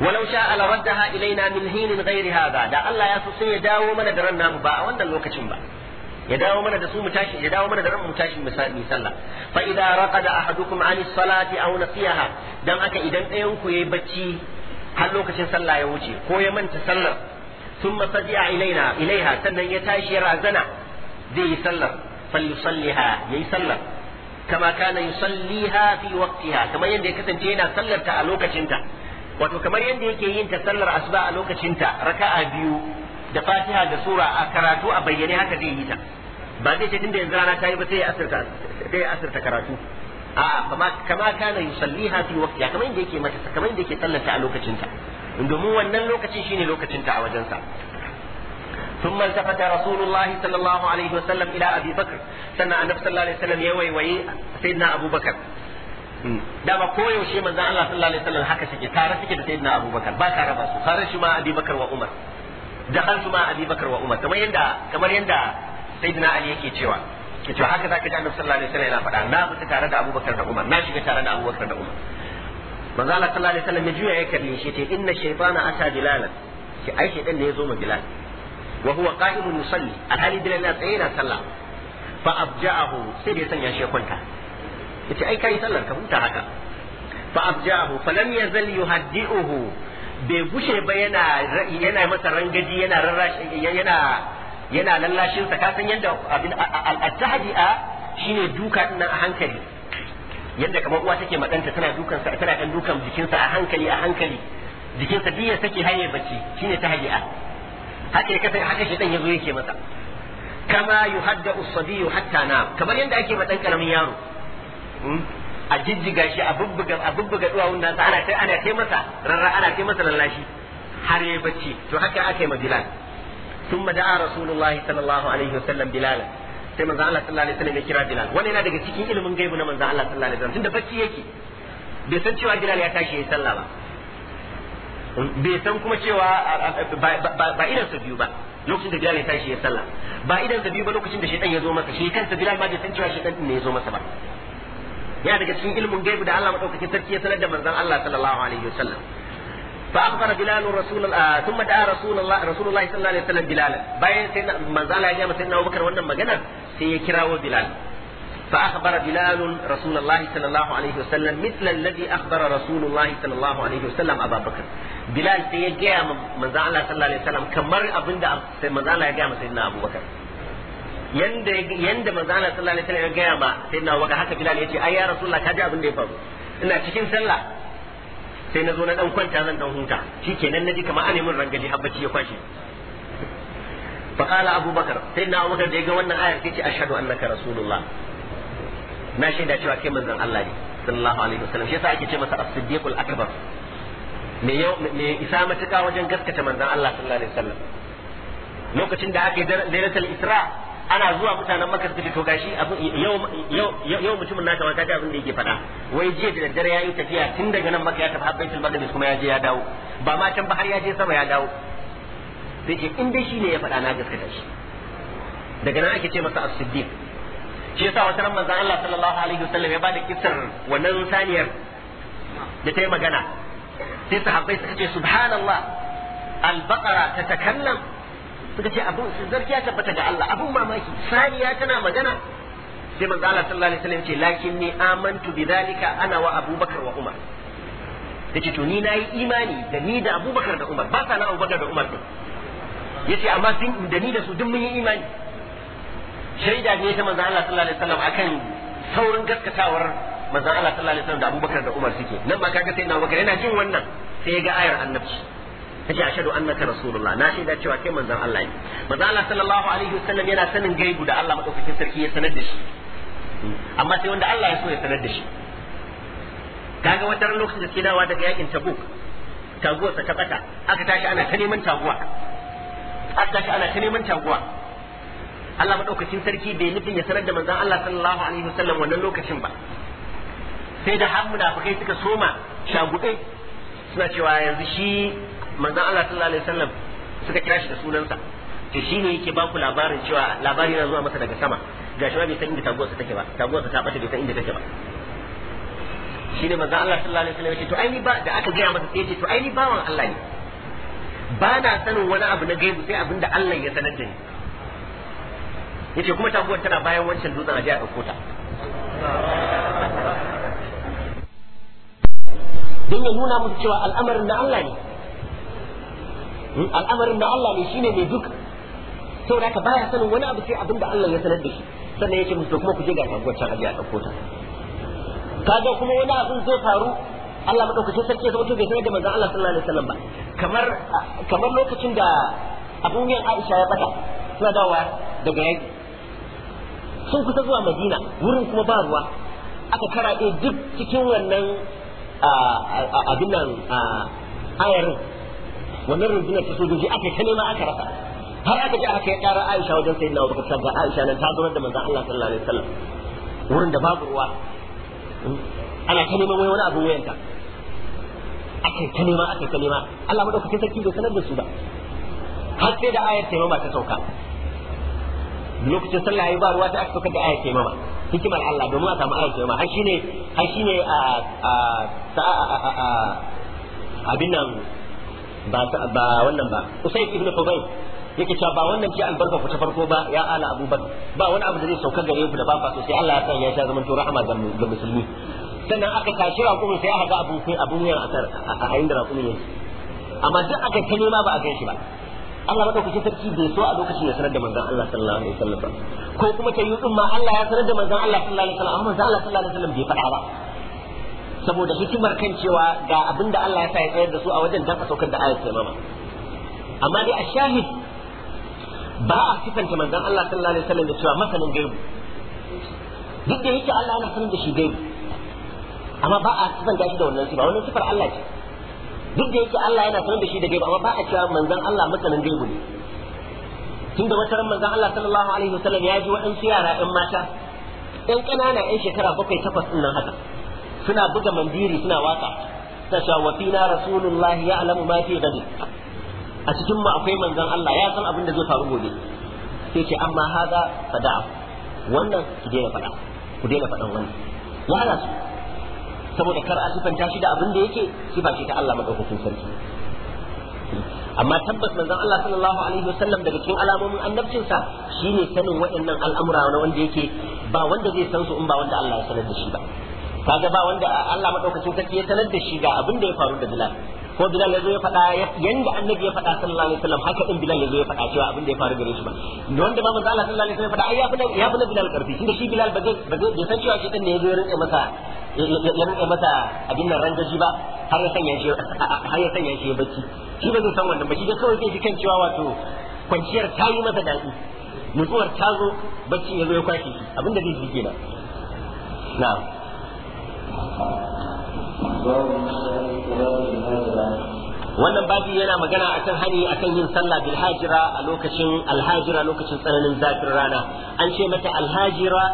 ولو شاء لردها إلينا من حين غير هذا دا الله يا سوسي يداو من درن نام وان لوكacin ba ya dawo mana da su mu ya dawo mana da ran mu tashi mu sallah fa idza raqada ahadukum an salati aw nasiha dan aka idan ɗayan ku yayi bacci har lokacin sallah ya wuce ko ya manta sallar thumma faji'a ilaina ilaiha sannan ya tashi ya razana zai yi sallar falyusalliha yayi sallar kama kana fi kamar yadda ya kasance yana sallarta a lokacinta wato kamar yadda yake yin ta sallar asuba a lokacinta raka'a biyu da fatiha da sura a karatu a bayyane haka zai yi ta ba zai ce tunda yanzu rana ta yi ba sai ya asirta sai ya asirta karatu a kama kama kana yusalliha fi waqtiha kamar yadda yake mata kamar yadda yake sallata a lokacinta domin wannan lokacin shine lokacinta a wajensa ثم التفت رسول الله صلى الله عليه وسلم الى ابي بكر سنة النبي صلى الله عليه وسلم يوي وي سيدنا ابو بكر Mm. dama koyaushe manzon Allah sallallahu alaihi wasallam haka suke tare suke da sayyidina Abubakar ba tare ba su tare shi ma Abubakar wa Umar da kansu ma Abubakar wa Umar kamar yanda kamar yanda sayyidina Ali yake cewa ke cewa haka zaka ji Annabi sallallahu alaihi wasallam yana faɗa na fita tare da Abubakar da Umar na shiga tare da Abubakar da Umar manzo Allah sallallahu alaihi wasallam ya juya ya kalle shi ce inna shaytana ata bilalan ki ai shaytan ne ya zo ma bilal wa huwa qa'imun yusalli alhali bilal na tsaye na sallah fa abja'ahu sai da ya sanya shi kwanta yace ai kai sallar ka huta haka fa abja'ahu falam yazal yuhaddi'uhu bai gushe ba yana yana masa rangaji yana rarrashi yana yana lallashin sa kasan yadda abin al-tahdi'a shine duka dinnan a hankali yadda kamar uwa take madanta tana dukan sa tana kan dukan jikinsa a hankali a hankali jikinsa duk ya sake haye bacci shine tahdi'a haka ya kasance haka shi dan yazo yake masa kama yuhadda as-sabiy hatta na kamar yadda ake madan karamin yaro Hmm? a jijjiga shi a bubbuga a bubbuga duwawun nasa ana ta ana kai masa rarra ana kai masa lallashi har yayi bacci to haka aka yi ma Bilal thumma da'a rasulullahi sallallahu alaihi wasallam Bilal sai manzo Allah sallallahu alaihi wasallam ya kira Bilal wannan yana daga cikin ilimin gaibu na manzo Allah sallallahu alaihi wasallam tunda bacci yake bai san cewa Bilal ya tashi yayi sallah ba bai san kuma cewa ba idan sa biyu ba lokacin da Bilal ya tashi yayi sallah ba idan sa biyu ba lokacin da shaytan ya zo masa shi kansa Bilal ma bai san cewa shaytan ne ya zo masa ba ya daga cikin ilmin gaibu da Allah madaukakin sarki ya sanar da manzon Allah sallallahu alaihi wasallam fa akhbara bilal rasul ah, thumma da'a rasulullah rasulullah sallallahu alaihi wasallam bilal bayan sai manzon Allah ya ga sayyidina Abubakar wannan magana sai ya kirawo bilal fa akhbara bilal rasulullah sallallahu alaihi wasallam mithla alladhi akhbara rasulullah sallallahu alaihi wasallam Abubakar bilal sai ya ga manzon Allah sallallahu alaihi wasallam kamar abinda manzon Allah ya ga sayyidina Abubakar yanda yanda manzo Allah sallallahu alaihi wasallam ya gaya ma sai na waga haka Bilal yace ai ya rasulullah kaji abin da ya faru ina cikin sallah sai na zo na dan kwanta zan dan huta shikenan naji kamar an yi min rangaji har bacci ya kwashe fa qala abubakar sai na waga da ya ga wannan ayar yace ce ashhadu annaka rasulullah na shaida cewa kai manzon Allah ne sallallahu alaihi wasallam shi yasa ake ce masa as-siddiqul akbar me yau me isa matuka wajen gaskata manzon Allah sallallahu alaihi wasallam lokacin da aka yi lailatul isra' ana zuwa mutanen makka suka to gashi yau mutumin naka wata abin da yake faɗa wai jiya da daddare ya yi tafiya tun daga nan makka ya tafi har baitul maqdis kuma ya je ya dawo ba ma can ba har ya je sama ya dawo sai ce in dai shine ya faɗa na gaskata shi daga nan ake ce masa as-siddiq shi yasa wata ran manzon Allah sallallahu alaihi wasallam ya bada kisar wannan saniyar da ta yi magana sai sahabbai suka ce subhanallah al-baqara tatakallam suka ce abun zarki ya tabbata ga Allah abun mamaki saniya tana magana sai manzo Allah sallallahu alaihi wasallam ce lakin ni amantu bidhalika ana wa Abubakar wa Umar yace to ni nayi imani da ni da Abubakar da Umar ba sa na Abubakar da Umar din yace amma sun da ni da su duk mun yi imani shaida ne ta manzo Allah sallallahu alaihi wasallam akan saurin gaskatawar manzo Allah sallallahu alaihi wasallam da Abubakar da Umar suke nan ba kaga sai na bakar yana jin wannan sai ya ga ayar annabci kace ashhadu annaka rasulullah na shaida cewa kai manzon Allah ne manzon Allah sallallahu alaihi wasallam yana sanin gaibu da Allah madaukakin sarki ya sanar da shi amma sai wanda Allah ya so ya sanar da shi kaga wata ran lokacin da suke dawa daga yakin Tabuk taguwarsa ta bata aka tashi ana ta neman taguwa aka tashi ana ta neman taguwa Allah madaukakin sarki bai nufin ya sanar da manzon Allah sallallahu alaihi wasallam wannan lokacin ba sai da har munafikai suka soma shagube suna cewa yanzu shi manzon Allah sallallahu alaihi wasallam suka kira shi da sunansa to shine yake ba ku labarin cewa labari na zuwa masa daga sama gashi ba bai san inda taguwarsa take ba taguwarsa ta bata bai san inda take ba shine manzon Allah sallallahu alaihi wasallam ya ce to aini ba da aka gaya masa sai ya ce to aini bawan Allah ne ba na sanin wani abu na gaibu sai abinda Allah ya sanar da ni yace kuma taguwar tana bayan wancan dutsen aje a dauko ta don ya nuna musu cewa al'amarin da Allah ne al'amarin da Allah ne shine mai duk saboda haka baya sanin wani abu sai abin da Allah ya sanar da shi sannan yake musu kuma ku je ga taguwar can aje a ɗauko ta kaga kuma wani abin zai faru Allah madaukakin sarki ya zama to bai sanar da manzon Allah sallallahu alaihi wasallam ba kamar kamar lokacin da abun yin Aisha ya bata suna dawowa daga yaki sun kusa zuwa Madina wurin kuma ba ruwa aka ɗaya duk cikin wannan abin nan ayarin wannan rundunar ta sojoji aka ta nema aka rasa har aka ji aka yi ƙara Aisha wajen sayyidina Abubakar sabba Aisha nan ta zubar da manzon Allah sallallahu alaihi wasallam wurin da babu ruwa ana ta neman wani abu wayanta aka ta nema aka ta nema Allah madaukakin sarki bai sanar da su ba har sai da ayar taimama ta sauka lokacin sallah ya ba ruwa ta aka saukar da ayar taimama hikimar Allah domin a samu ayar taimama har shine har shine a ah, ah, ah, abin nan ba ba wannan ba usayd ibn hubay yake cewa ba wannan ke albarka ku ta farko ba ya ala abubakar ba wani abu da zai sauka gare ku da ba sosai Allah ya san ya sha zaman to rahama ga musulmi sannan aka tashi raƙumin sai aka ga abu sai abun wuyan asar a hayin da raƙumin yake amma duk aka ta nema ba a gan shi ba Allah madaukakin sarki bai so a lokacin ya sanar da manzon Allah sallallahu alaihi wasallam ko kuma ta yi ma Allah ya sanar da manzon Allah sallallahu alaihi wasallam amma manzon Allah sallallahu alaihi wasallam bai faɗa ba saboda hikimar kan cewa ga abin da Allah ya sa ya tsayar da su a wajen dan a saukar da ayat taimama amma dai a shahid ba a sifanta manzon Allah sallallahu alaihi wasallam da cewa masanin gaibu duk da yake Allah yana sanin da shi gaibu amma ba a sifanta shi da wannan sifa wannan sifar Allah ce duk da yake Allah yana sanin da shi da gaibu amma ba a cewa manzon Allah masanin gaibu ne tun da wata ran manzon Allah sallallahu alaihi wasallam ya ji waɗansu yara ɗan mata ɗan ƙanana ɗan shekara bakwai takwas ɗin nan haka suna buga mandiri suna waka tasha wa fina rasulullah ya'lamu ma fi gadi a cikin mu akwai manzon Allah ya san abin da zai faru gobe sai ce amma haza fada wannan ki daina fada ku daina fadan wannan ya hana saboda kar a sifanta shi da abin da yake sifa shi ta Allah madaukakin sarki amma tabbas manzon Allah sallallahu alaihi wasallam daga cikin alamomin annabcinsa shine sanin waɗannan al'amura na wanda yake ba wanda zai san su in ba wanda Allah ya sanar da shi ba kaga ba wanda Allah madaukakin sarki ya sanar da shi ga abin da ya faru da Bilal ko Bilal yazo ya faɗa yanda annabi ya faɗa sallallahu alaihi wasallam haka din Bilal yazo ya faɗa cewa abin da ya faru gare shi ba wanda ba manzo Allah sallallahu alaihi wasallam ya faɗa ya faɗa Bilal karfi tunda shi Bilal ba zai ba san cewa shi din ne yazo ya rinka masa ya rinka masa abin nan rangaji ba har ya sanya shi har ya sanya shi bacci shi ba zai san wannan ba shi da kawai zai kan cewa wato kwanciyar ta yi masa daɗi nutsuwar ta zo bacci ya zo ya kwashe shi abin da zai ji kenan na'am wannan babi yana magana a akan hani akan yin sallah bil hajira a lokacin alhajira lokacin tsananin zafin rana an ce mata alhajira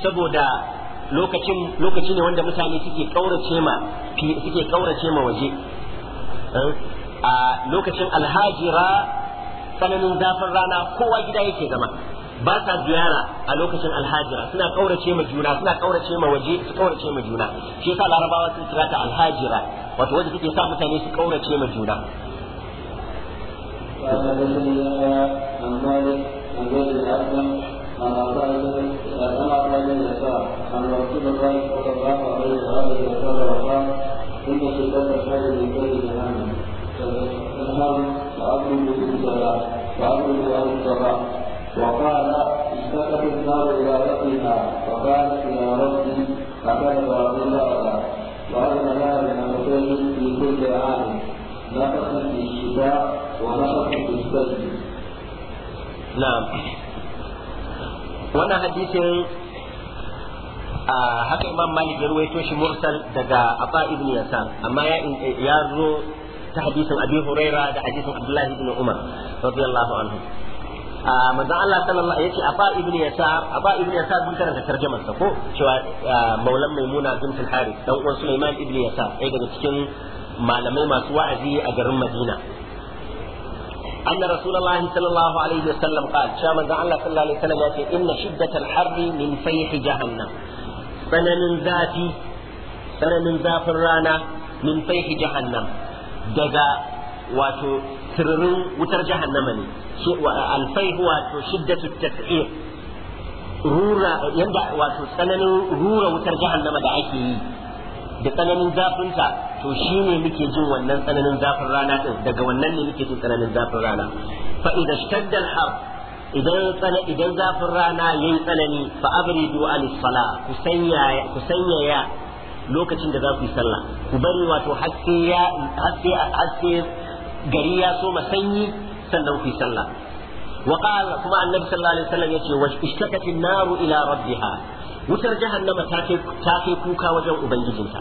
saboda lokacin lokaci ne wanda mutane suke kaurace ma suke kaurace ma waje eh, a lokacin alhajira tsananin zafin rana kowa gida yake zama ba sa ziyara a lokacin alhajira suna kaurace ma juna suna kaurace ma waje su kaurace ma juna shi yasa larabawa sun kira ta alhajira wato wanda take sa mutane su kaurace ma juna وأضرب بالصلاة وأضرب أهل وقال اشتقت النار الى ربها فقالت يا رب فكان الله وأنا لا ينبغي في كل عام نفخ في الشتاء ونفخ في السجن نعم وانا hadisin a haka imam malik ya ruwaito shi mursal daga abba ibn yasan amma ya ya zo ta hadisin abi huraira da hadisin abdullahi ibn umar radiyallahu anhu manzon Allah sallallahu alaihi yace a ibnu yasar a ibnu yasar mun karanta tarjumar sa ko cewa maulan maimuna bint al-harith dan uwan sulaiman ibnu yasar ai daga cikin malamai masu wa'azi a garin madina anna rasulullahi sallallahu alaihi wasallam qala cewa manzon Allah sallallahu alaihi wasallam yace inna shiddat al-harb min fayh jahannam sananin zafi sananin zafin rana min fayh jahannam daga wato tururin wutar jahannama ne alfai wato shiddatu tat'ir rura yanda wato tsananin rura wutar jahannama da ake yi da tsananin zafinta to shi ne muke jin wannan tsananin zafin rana din daga wannan ne muke jin tsananin zafin rana fa idan shadda al idan tsana idan zafin rana yayi tsanani fa abridu an sala ku sanya ku sanya lokacin da za ku yi sallah ku bari wato haske ya haske haske gari ya soma sanyi sannan ku yi sallah wa qala kuma annabi sallallahu alaihi wasallam yace wa ishtakatin naru ila rabbiha wutar jahannama ta kai ta kai kuka wajen ubangijinta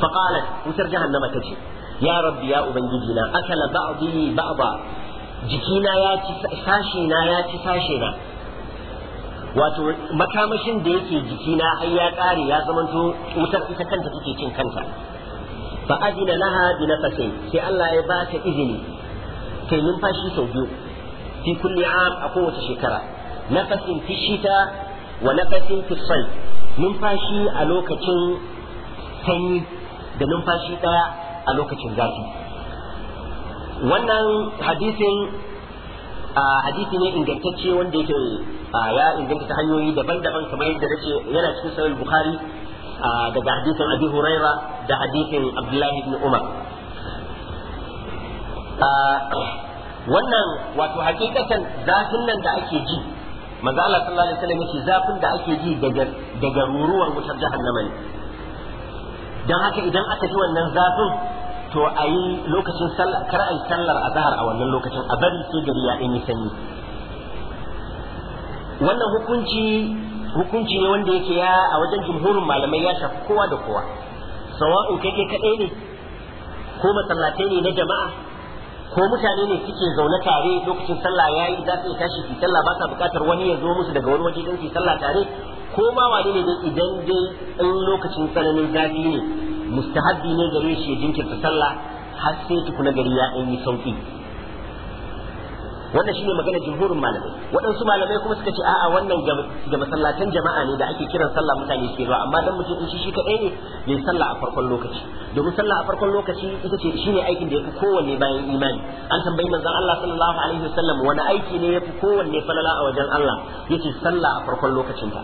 fa qalat wutar jahannama ta ce ya rabbi ya ubangiji ubangijina akala ba'di ba'da jikina ya ci sashi na ya ci sashi na wato makamashin da yake jikina har ya kare ya zamanto wutar ita kanta take cin kanta fa lahadi laha bi nafasin sai Allah ya ba ta izini kai numfashi sau biyu fi kulli am a kowace shekara nafasin fi shita wa nafasin fi sai numfashi a lokacin sanyi da numfashi daya a lokacin zafi wannan hadisin hadisi ne ingantacce wanda yake ya inganta hanyoyi daban-daban kamar yadda nace yana cikin sahih bukhari daga hadisin abi huraira da hadisin abdullahi ibn umar wannan wato hakikatan zafin nan da ake ji manzo Allah sallallahu alaihi wasallam yace zafin da ake ji daga daga ruruwar wutar jahannama ne dan haka idan aka ji wannan zafin to ayi lokacin sallah kar a yi sallar azhar a wannan lokacin a bari sai gari ya yi sanyi wannan hukunci hukunci ne wanda yake ya a wajen jumhurin malamai ya shafi kowa da kowa sawa'un kai kai kadai ne ko masallatai ne na jama'a ko mutane ne suke zaune tare lokacin sallah ya yi za su tashi su sallah ba sa buƙatar wani ya zo musu daga wani waje don su sallah tare ko ma wani ne idan dai in lokacin tsananin zafi ne mustahabbi ne gare shi ya jinkirta sallah har sai tukuna gari ya ɗan yi sauƙi wannan shine maganar jumhurin malamai waɗansu malamai kuma suka ce a'a wannan ga masallatan jama'a ne da ake kiran sallah mutane suke zuwa amma dan mutum shi shi kadai ne yayin sallah a farkon lokaci domin sallah a farkon lokaci ita ce shine aikin da yafi kowanne bayan imani an tambayi manzon Allah sallallahu alaihi wasallam wani aiki ne yafi kowanne falala a wajen Allah yace sallah a farkon lokacin ta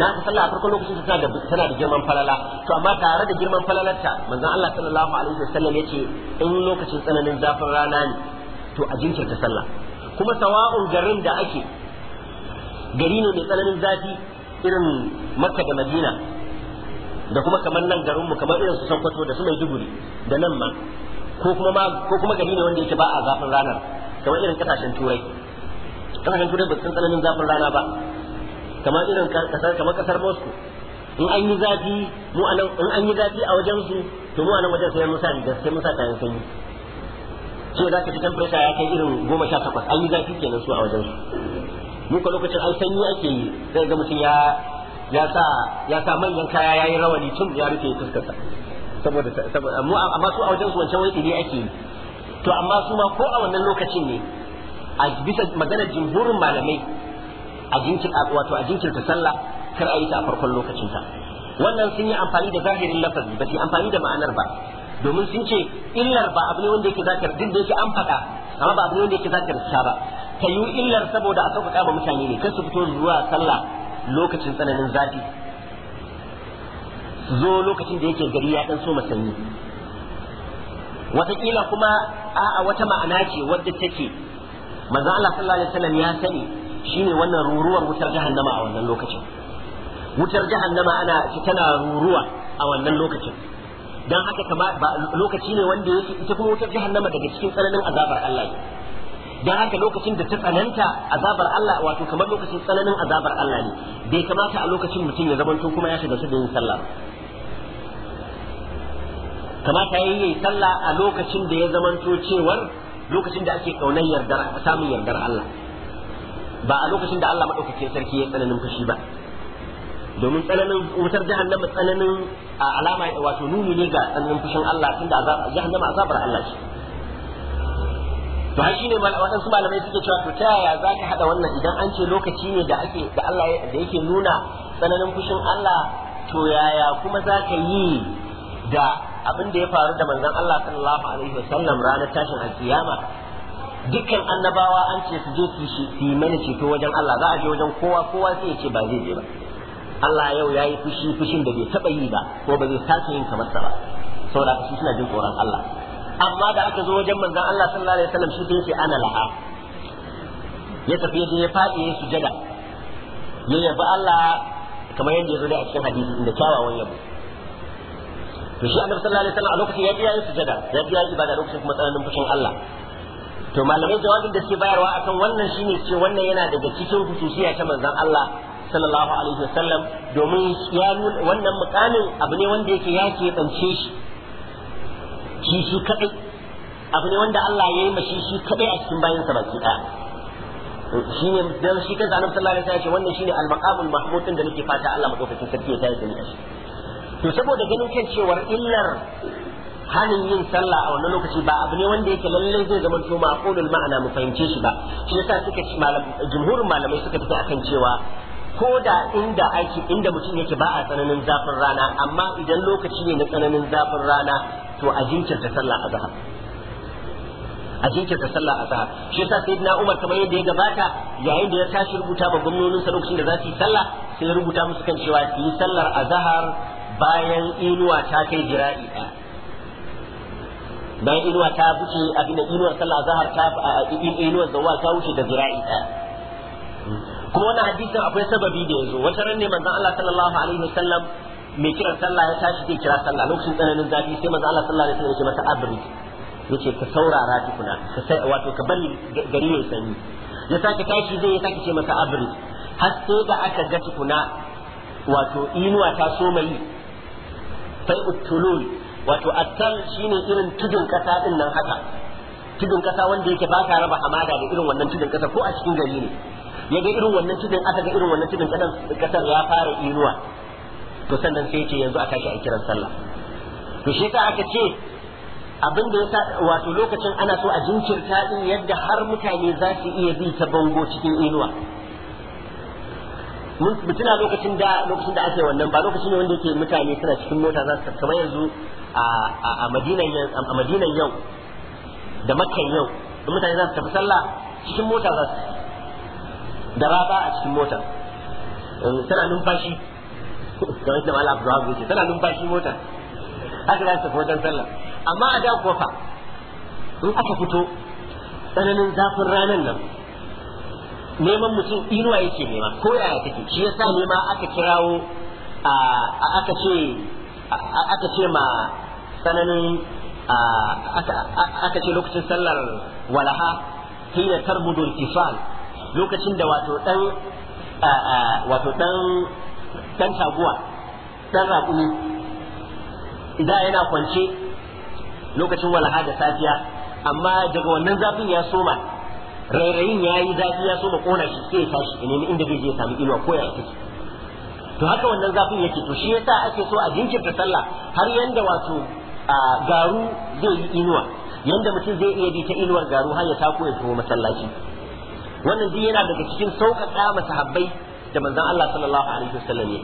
na ta sallah a farkon lokacin tana da tana da girman falala to amma tare da girman falalarta manzon Allah sallallahu alaihi wasallam yace in lokacin tsananin zafin rana ne to a jinkirta sallah kuma sawa'un garin da ake gari ne mai tsananin zafi irin makka da madina da kuma kamar nan garinmu kamar irin su sokoto da su mai duguri da nan ma ko kuma ma ko kuma gari ne wanda yake ba a zafin ranar kamar irin kasashen turai kasashen turai ba san tsananin zafin rana ba kamar irin kasar kamar kasar moscow in an yi zafi mu anan in an yi zafi a wajen su to mu anan wajen sai mun sa sai mun sa kayan sanyi so za ka ji temperature ya kai irin goma sha takwas an yi zafi kenan su a wajen su mun ka lokacin an sanyi ake yi zai ga mutum ya ya sa ya sa manyan kaya ya yi rawani tun ya rufe fuskarsa saboda saboda mu amma su a wajen su wancan wani ne ake yi to amma su ma ko a wannan lokacin ne a bisa maganar jimhurin malamai a jinkir wato a jinkirta sallah kar a yi ta a farkon lokacinta wannan sun yi amfani da zahirin lafazi ba su amfani da ma'anar ba domin sun ce illar ba abu ne wanda yake zakar duk da yake an faɗa amma ba abu ne wanda yake zakar ta ba ta yi illar saboda a sauƙaƙa ba mutane ne kar su fito zuwa sallah lokacin tsananin zafi su zo lokacin da yake gari ya ɗan so sanyi watakila kuma a'a wata ma'ana ce wadda take manzo Allah sallallahu alaihi wasallam ya sani shine wannan ruruwar wutar jahannama a wannan lokacin wutar jahannama ana tana ruruwa a wannan lokacin dan haka kama lokaci ne wanda yake ita kuma wutar jahannama daga cikin tsananin azabar Allah dan haka lokacin da ta tsananta azabar Allah wato kamar lokacin tsananin azabar Allah ne bai kamata a lokacin mutum ya zamanto kuma ya shiga cikin yin sallah kamata yayi yayi sallah a lokacin da ya zamanto cewar lokacin da ake kaunar yardar samun yardar Allah ba a lokacin da Allah madaukakin sarki ya tsananin fushi ba domin tsananin wutar jahannama tsananin alama wato nuni ne ga tsananin fushin Allah tunda jahannama azabar Allah ce to shi ne waɗansu malamai suke cewa to ta yaya za ka haɗa wannan idan an ce lokaci ne da ake da Allah da yake nuna tsananin fushin Allah to yaya kuma za ka yi da abin da ya faru da manzon Allah sallallahu alaihi wasallam ranar tashin alkiyama dukkan annabawa an ce su je su yi mana ceto wajen Allah za a je wajen kowa kowa sai ya ce ba zai je ba Allah yau ya yi fushi fushin da bai taɓa yi ba ko ba zai sake yin kamar sa ba saboda haka suna jin tsoron Allah amma da aka zo wajen manzon Allah sallallahu alaihi wasallam shi sai ce ana laha ya tafi je ya faɗi ya sujada ya yabi Allah kamar yadda ya zo da a cikin hadisi inda kyawawan yabo to shi annabi sallallahu alaihi wasallam a lokacin ya biya yin sujada ya biya yin ibada lokacin kuma tsananin fushin Allah to malamai jawabin da suke bayarwa akan wannan shine ce wannan yana daga cikin hususiya ta manzon Allah sallallahu alaihi wasallam domin ya nuna wannan mukamin abu ne wanda yake ya keɓance shi shi shi kadai abu ne wanda Allah ya yi ma shi kadai a cikin bayansa baki ɗaya shi ne dan shi kansa annabi sallallahu alaihi wasallam ya wannan shine al-maqamul Mahmudin da nake fata Allah madaukakin sarki ya tayar da ni shi to saboda ganin kan cewar illar hanin yin sallah a wannan lokaci ba abu ne wanda yake lallai zai zama to ma'qulul ma'ana mu fahimce shi ba shi yasa suka ci malam jumhurin malamai suka fita akan cewa ko da inda aiki inda mutum yake ba a tsananin zafin rana amma idan lokaci ne na tsananin zafin rana to a jinkirta sallah a zahar a jinkirta sallah a zahar shi yasa na Umar kamar yadda ya gabata yayin da ya tashi rubuta ba gwamnonin sa lokacin da za su yi sallah sai ya rubuta musu kan cewa su yi sallar azhar bayan inuwa ta kai jira'i ɗaya bayan inuwa ta buce abin da inuwar sallah zahar ta inuwar zawal ta wuce da jira'i ɗaya kuma wani hadisin akwai sababi da yanzu wata ran ne manzon Allah sallallahu alaihi wasallam mai kira sallah ya tashi ke kira sallah lokacin tsananin zafi sai manzon Allah sallallahu alaihi wasallam ya ce masa abri yace ka saurara tukuna ka sai wato ka bari gari ya sani ya sake tashi zai ya sake ce masa abri har sai da aka ga tukuna wato inuwa ta so mai sai utulul wato attal shine irin tudun kasa din nan haka tudun kasa wanda yake ba ka raba hamada da irin wannan tudun kasa ko a cikin gari ne ya ga irin wannan tudun aka ga irin wannan tudun kadan kasar ya fara inuwa to sannan sai ce yanzu a tashi a kiran sallah to shi ka aka ce abin da yasa wato lokacin ana so a jinkirta din yadda har mutane za su iya bi ta bango cikin inuwa mun tuna lokacin da lokacin da ake wannan ba lokacin ne wanda yake mutane suna cikin mota za su kamar yanzu a madinan yau a madinan yau da makkan yau mutane za su tafi sallah cikin mota za su da raba a cikin motar eh, tana numfashi kamar da malam Abdul ce tana numfashi mota. aka za su wajen sallah amma a da kofa in aka fito tsananin zafin ranar nan neman mutum inuwa yake nema ko yaya take shi yasa nema aka kirawo aka ce aka ce ma tsananin aka ce lokacin sallar walaha hina tarbudu intifal lokacin da wato dan wato dan dan taguwa dan raƙumi idan yana kwance lokacin walaha da safiya amma daga wannan zafin ya soma rairayin ya yi zafi ya soma kona shi sai ya tashi ne inda zai je samu inuwa ko ya take to haka wannan zafin yake to shi yasa ake so a jinkirta sallah har yanda wato garu zai yi inuwa yanda mutum zai iya bi ta inuwar garu har ya tako ya tuwo masallaci wannan duk yana daga cikin sauƙaƙa masa habbai da manzon Allah sallallahu alaihi wasallam ne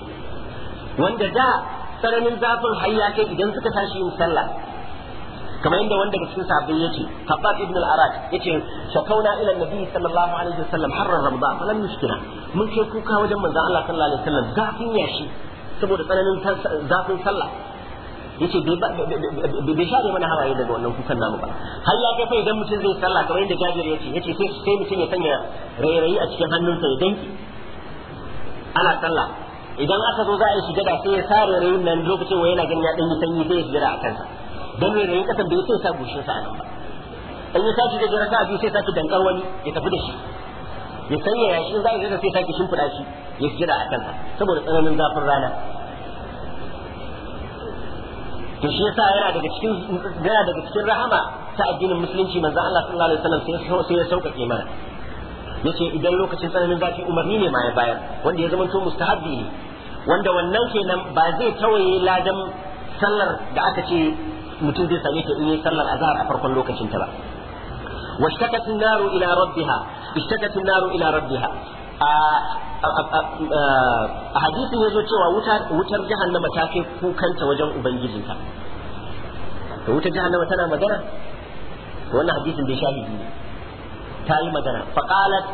wanda da tsananin zafin hayya kai idan suka tashi yin sallah kamar yadda wanda daga cikin sahabbai yace Habbab ibn al-Arad yace shakauna ila nabi sallallahu alaihi wasallam harra ramadan falam yushkina mun kai kuka wajen manzon Allah sallallahu alaihi wasallam zafin yashi saboda tsananin zafin sallah yace bai share mana hawaye daga wannan kukan namu ba har ya kai fa idan mutum zai sallah kamar yadda jabir yace yace sai sai mutum ya sanya rairayi a cikin hannunsa ya danki ana sallah idan aka zo za a yi da sai ya sa rairayin nan lokacin wa yana ganin ya danyi yi sanyi sai ya sujada a kansa dan rairayin kasan bai sai sa goshin sa a nan ba in ya tashi da jira a biyu sai sake dankar wani ya tafi da shi ya sanya yashi za a yi sai sake shimfiɗa shi ya da a kansa saboda tsananin zafin rana to shi yasa yana daga cikin yana daga cikin rahama ta addinin musulunci manzo Allah sallallahu alaihi wasallam sai ya sauƙaƙe mana yace idan lokacin tsananin zafi umarni ne ma ya bayar wanda ya zama to mustahabbi ne wanda wannan kenan ba zai tawaye ladan sallar da aka ce mutum zai same ta in yi sallar azhar a farkon lokacin ta ba واشتكت النار إلى ربها اشتكت النار إلى ربها a hadisin ya zo cewa wutar jahannama ta kai kukanta wajen ubangijinta to wutar jahannama tana magana wannan hadisin bai shahidi ne ta yi magana faqalat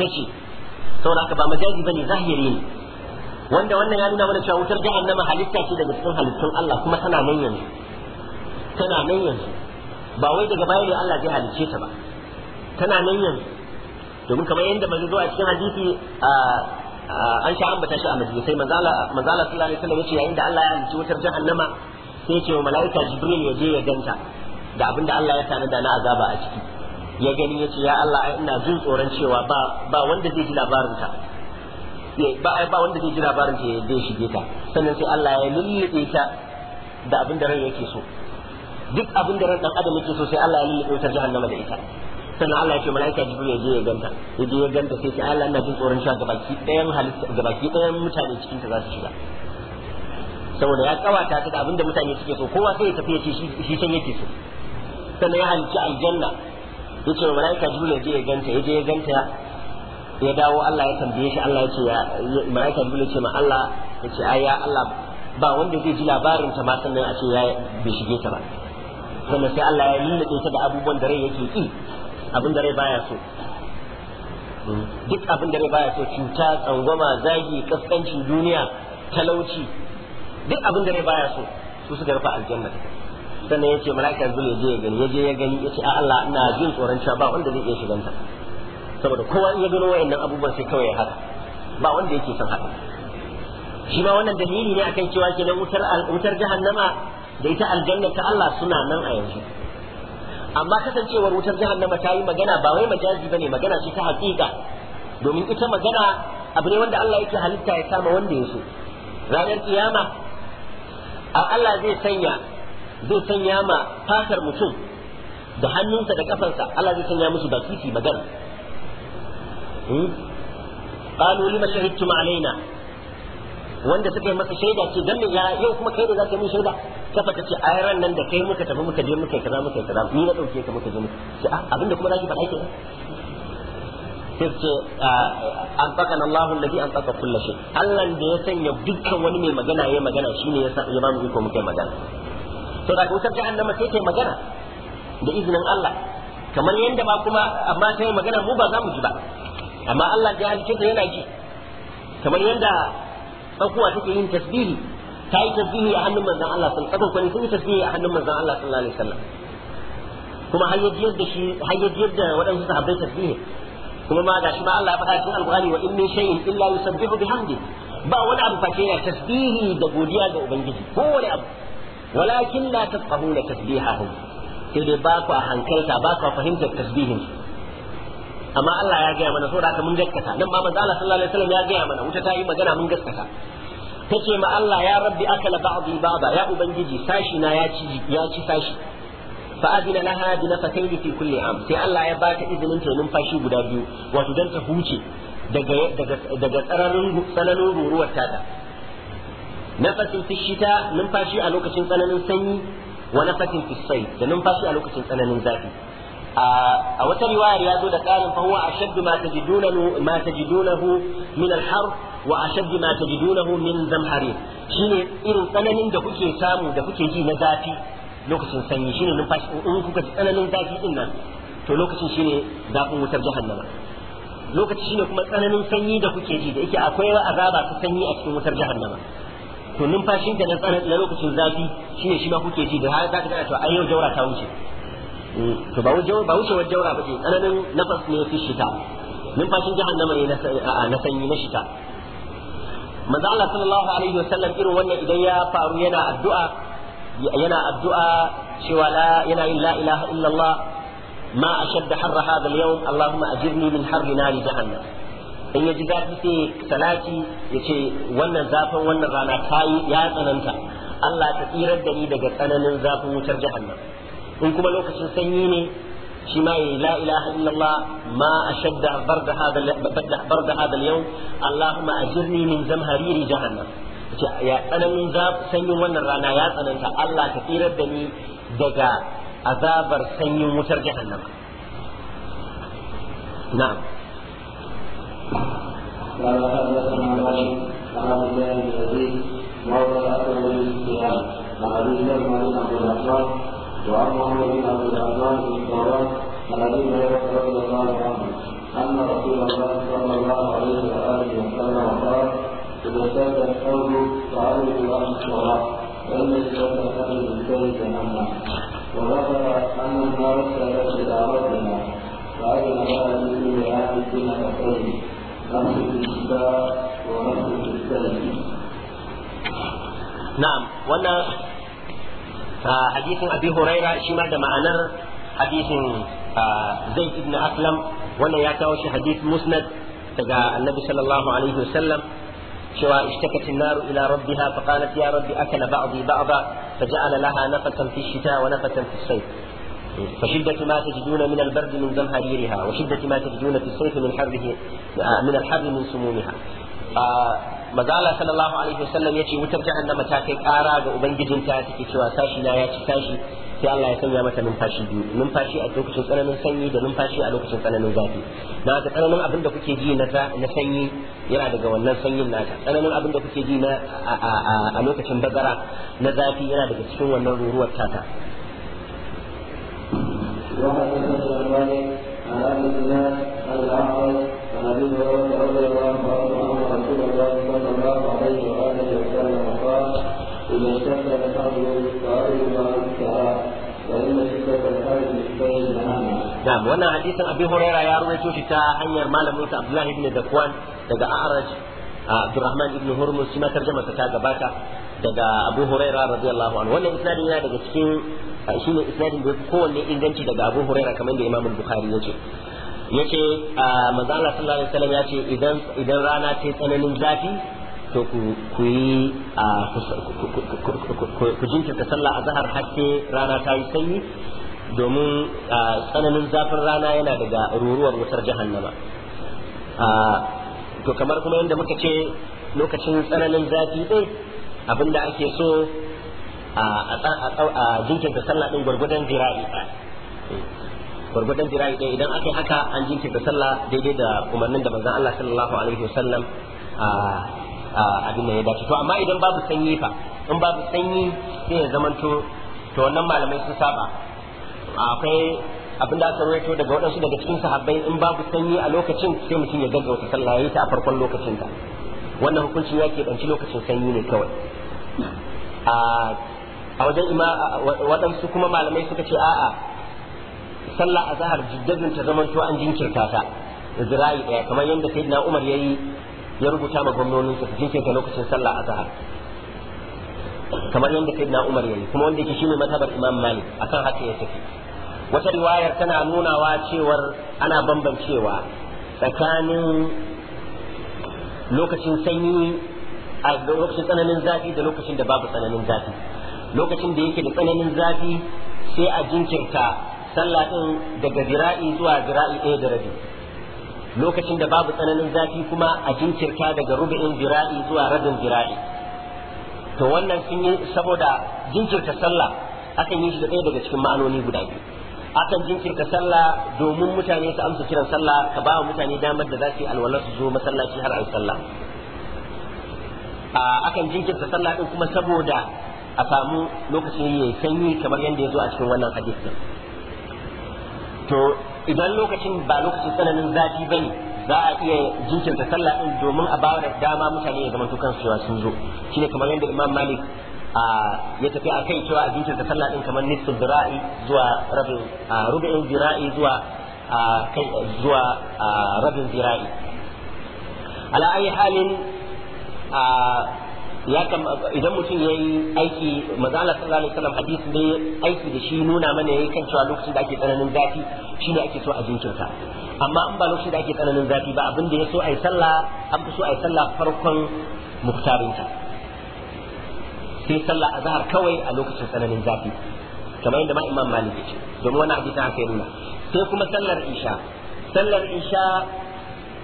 tace saboda haka ba majazi bane zahiri ne wanda wannan ya nuna mana cewa wutar jahannama halitta ce daga cikin halittun Allah kuma tana nan yanzu tana nan yanzu ba wai daga baya ne Allah zai halicce ta ba tana nan yanzu domin kamar yadda manzo zo a cikin hadisi an sha ambata shi a majalisai manzala manzala sallallahu alaihi wasallam yace yayin da Allah ya halicci wutar jahannama sai yace wa mala'ika jibril ya je ya ganta da abin da Allah ya tanada na azaba a ciki ya gani yace ya Allah ina jin tsoron cewa ba ba wanda zai ji labarin ta ba ai ba wanda zai ji labarin ta ya shige ta sannan sai Allah ya lullube ta da abin da ran yake so duk abin da ran dan adam yake so sai Allah ya lullube ta jahannama da ita sannan Allah ya ce mala'ika jibril ya je ya ganta ya je ya ganta sai ce Allah ina jin tsoron sha gabaki ɗayan halitta gabaki ɗayan mutane cikin ta za su shiga saboda ya kawata ta da abin da mutane suke so kowa sai ya tafi ya ce shi san yake so sannan ya halicci aljanna ya ce mala'ika jibril ya je ya ganta ya je ya ganta ya dawo Allah ya tambaye shi Allah ya ce ya mala'ika jibril ya ce ma Allah ya ce ai ya Allah ba wanda zai ji labarin ta ma sannan a ce ya bai shige ta ba sannan sai Allah ya lullube ta da abubuwan da rai yake yi abin da rai baya so hmm. duk abin da rai baya so cuta tsangwama zagi kaskancin duniya talauci duk abin da rai baya so su suka rufe aljanna sannan ya ce mala'ika zai ya je ya gani ya je ya gani ya ce a Allah ina jin tsoron cewa ba wanda zai iya shiganta saboda kowa in ya gano wayannan abubuwan sai kawai ya haka ba wanda yake son haka shi ma wannan dalili ne akan cewa kenan wutar wutar jahannama da ita aljanna ta Allah suna nan a yanzu amma kasancewar wutar jahannama ta yi magana ba wai majazi bane magana ce ta haƙiƙa domin ita magana abu ne wanda Allah yake halitta ya kama wanda ya so ranar kiyama Allah zai sanya zai sanya ma fatar mutum da hannunsa da kafansa Allah zai sanya musu bakiti magana hmm? qalu lima shahidtum alaina wanda suka yi masa shaida ce dan ya yau kuma kai da zaka yi shaida kafa ta ce ai ran nan da kai muka tafi muka je muka kaza muka kaza ni na dauke ka muka je muka ce a ah, abinda kuma zaki faɗa kenan sai ce ah, an faka na Allahu alladhi an faka kulla shi Allah da ya sanya dukkan wani mai magana ya magana shine ya ya ba mu iko muke magana to da ta annama sai yi magana da izinin Allah kamar yadda ba kuma amma sai magana mu ba za mu ji ba amma Allah da ya halice yana ji kamar yadda. tsakuwa take yin tasbihi ta yi tasbihi a hannun manzon Allah sallallahu alaihi wasallam sun yi tasbihi a hannun manzon Allah sallallahu alaihi wasallam kuma har da shi har yajiyar da waɗansu sahabbai tasbihi kuma ma gashi ma Allah ya faɗa cikin alqur'ani wa in min shay'in illa yusabbihu bihamdi ba wani abu face ya tasbihi da godiya ga ubangiji ko wani abu walakin la tafqahuna tasbihahum sai dai ba ku hankalta ba ku fahimtar tasbihin amma Allah ya gaya mana saboda haka mun gaskata nan ma manzo Allah sallallahu alaihi wasallam ya gaya mana wuta ta yi magana mun gaskata take ma Allah ya rabbi akala ba'dhi ba'da ya ubangiji sashi na ya ci ya ci sashi fa adina laha bi nafatayn fi kulli am sai Allah ya bata izinin ta numfashi guda biyu wato dan ta huce daga daga daga tsararin tsananin ruruwar tata nafasin fi numfashi a lokacin tsananin sanyi wa nafasin fi da numfashi a lokacin tsananin zafi a wata riwayar ya zo da tsarin fa huwa ashaddu ma tajiduna ma tajidunahu min al-harb wa ashaddi ma tajidunahu min zamharin shine irin tsananin da kuke samu da kuke ji na zafi lokacin sanyi shine numfashi in kuka ji tsananin zafi din nan to lokacin shine zafin wutar jahannama lokaci shine kuma tsananin sanyi da kuke ji da yake akwai azaba ta sanyi a cikin wutar jahannama to numfashin da na lokacin zafi shine shi ma kuke ji da har zaka ga to ayyau yau ta wuce mm, to ba wuce ba wuce wa jawra ba ce tsananin nafas ne fi shita numfashin jahannama ne na sanyi na shita manzo Allah sallallahu alaihi wasallam irin wannan idan ya faru yana addu'a yana addu'a cewa la yana yin la ilaha illallah ma da harra da al-yawm allahumma ajirni min harri nari jahannam in ya ji zafi sai salati ya ce wannan zafin wannan rana ta yi ya tsananta Allah ta tsirar da ni daga tsananin zafin wutar jahannam in kuma lokacin sanyi ne شماء لا إله إلا الله ما أشد برد هذا برد هذا اليوم اللهم أجرني من زمهرير جهنم يا أنا من ذاب سني من الرنايات أنا أنت الله كثير الدني دجا أذاب سني مسر جهنم نعم لا وأما الذين بالأذان في التوراة الذين يذكرون الله عنهم أن رسول الله صلى الله عليه وآله وسلم قال إذا ساد الثوب فعلوا أهل التوراة فإن الشمس أهل البيت جهنم وذكر أن النار سادت إلى ربنا فأذن لها بكل عام سنة خير نفس الإنسان ونفس السلم نعم ولا hadisin abi huraira shi da ma'anar hadisin zaid ibn aslam wannan ya taushe shi musnad daga annabi sallallahu alaihi wasallam cewa ishtakatin naru ila rabbiha fa qalat ya rabbi akala ba'dhi ba'dha fa ja'ala laha nafatan fi shita wa fi فشدة ما تجدون من البرد من زمهريرها وشدة ما تجدون في الصيف من حره من الحر من سمومها maza Allah sallallahu alaihi wasallam yace wutar jahannama ta kai ƙara ga ubangijinta take cewa sashi na ya ci sashi sai Allah ya sanya mata numfashi biyu numfashi a lokacin tsananin sanyi da numfashi a lokacin tsananin zafi na ga tsananin abin da kuke ji na na sanyi yana daga wannan sanyin nata tsananin abin da kuke ji na a lokacin bazara na zafi yana daga cikin wannan ruruwar tata وحدثنا مالك عن عبد الله عن الاعرج عن ابي هريره رضي الله عنه رسول الله صلى الله عليه وسلم قال الحرب wannan hadisin Abi Huraira ya rawaito shi ta hanyar malamin sa Abdullah ibn Dakwan daga A'raj Abdurrahman ibn Hurmuz shi ma tarjama ta gabata daga Abu Huraira radiyallahu anhu wannan isnadin yana daga cikin shine isnadin da kowanne inganci daga Abu Huraira kamar da Imam Bukhari ya ce yace manzo Allah sallallahu alaihi wasallam yace idan idan rana ta tsananin zafi to ku yi ku jinkirta sallah azhar har sai rana ta yi sanyi domin tsananin zafin rana yana daga ruruwar wutar jahannama to kamar kuma yadda muka ce lokacin tsananin zafi din abinda ake so a jinkirta sallah din gwargwadon jira'i gurgurdan jira'i ɗaya idan aka yi haka an jinkirta sallah daidai da umarnin da manzon Allah sallallahu alaihi wasallam a abin da ya dace to amma idan babu sanyi fa in babu sanyi sai ya zamanto to wannan malamai sun saba akwai abin da aka rawaito daga waɗansu daga cikin sahabbai in babu sanyi a lokacin sai mutum ya gaggauta sallah yayi ta a farkon lokacin ta wannan hukuncin ya keɓanci lokacin sanyi ne kawai a wajen ima waɗansu kuma malamai suka ce a'a sallah azhar jiddadin ta to an jinkirta ta da daya kamar yadda sayyidina Umar yayi ya rubuta ma gwamnonin su jinkirta lokacin sallah zahar kamar yadda sayyidina Umar yayi kuma wanda yake shine mazhabar Imam Malik akan haka ya tafi wata riwayar tana nunawa cewar ana bambancewa tsakanin lokacin sanyi a lokacin tsananin zafi da lokacin da babu tsananin zafi lokacin da yake da tsananin zafi sai a jinkirta sallah din daga zira'i zuwa zira'i ɗaya da rabi lokacin da babu tsananin zafi kuma a jinkirta daga rubu'in zira'i zuwa rabin zira'i to wannan sun yi saboda jinkirta sallah akan yi shi da ɗaya daga cikin ma'anoni guda biyu akan jinkirta sallah domin mutane su amsa kiran sallah ka ba wa mutane damar da za su yi alwala su zo masallaci har an sallah akan jinkirta sallah din kuma saboda a samu lokacin yayi sanyi kamar yadda ya zo a cikin wannan hadisi to idan lokacin ba lokacin tsananin zafi bane za a iya jinkirta sallah din domin a bawa dama mutane ya zama tukan cewa sun zo shine kamar yadda Imam Malik a ya tafi a kai cewa a jinkirta sallah din kamar nisfu dira'i zuwa rabin rubu'in dira'i zuwa kai zuwa rabin dira'i ala ayi halin ya kam idan mutum ya yi aiki mazala sallallahu alaihi wasallam hadisi ne aiki da shi nuna mana yayi kan cewa lokacin da ake tsananin zafi shine ake so a jinkirta amma in ba lokacin da ake tsananin zafi ba abin da ya so ai sallah an fi so ai sallah farkon muktarinta sai sallah azhar kawai a lokacin tsananin zafi kamar yadda ma imam malik ya ce domin wani hadisi haka ya nuna sai kuma sallar isha sallar isha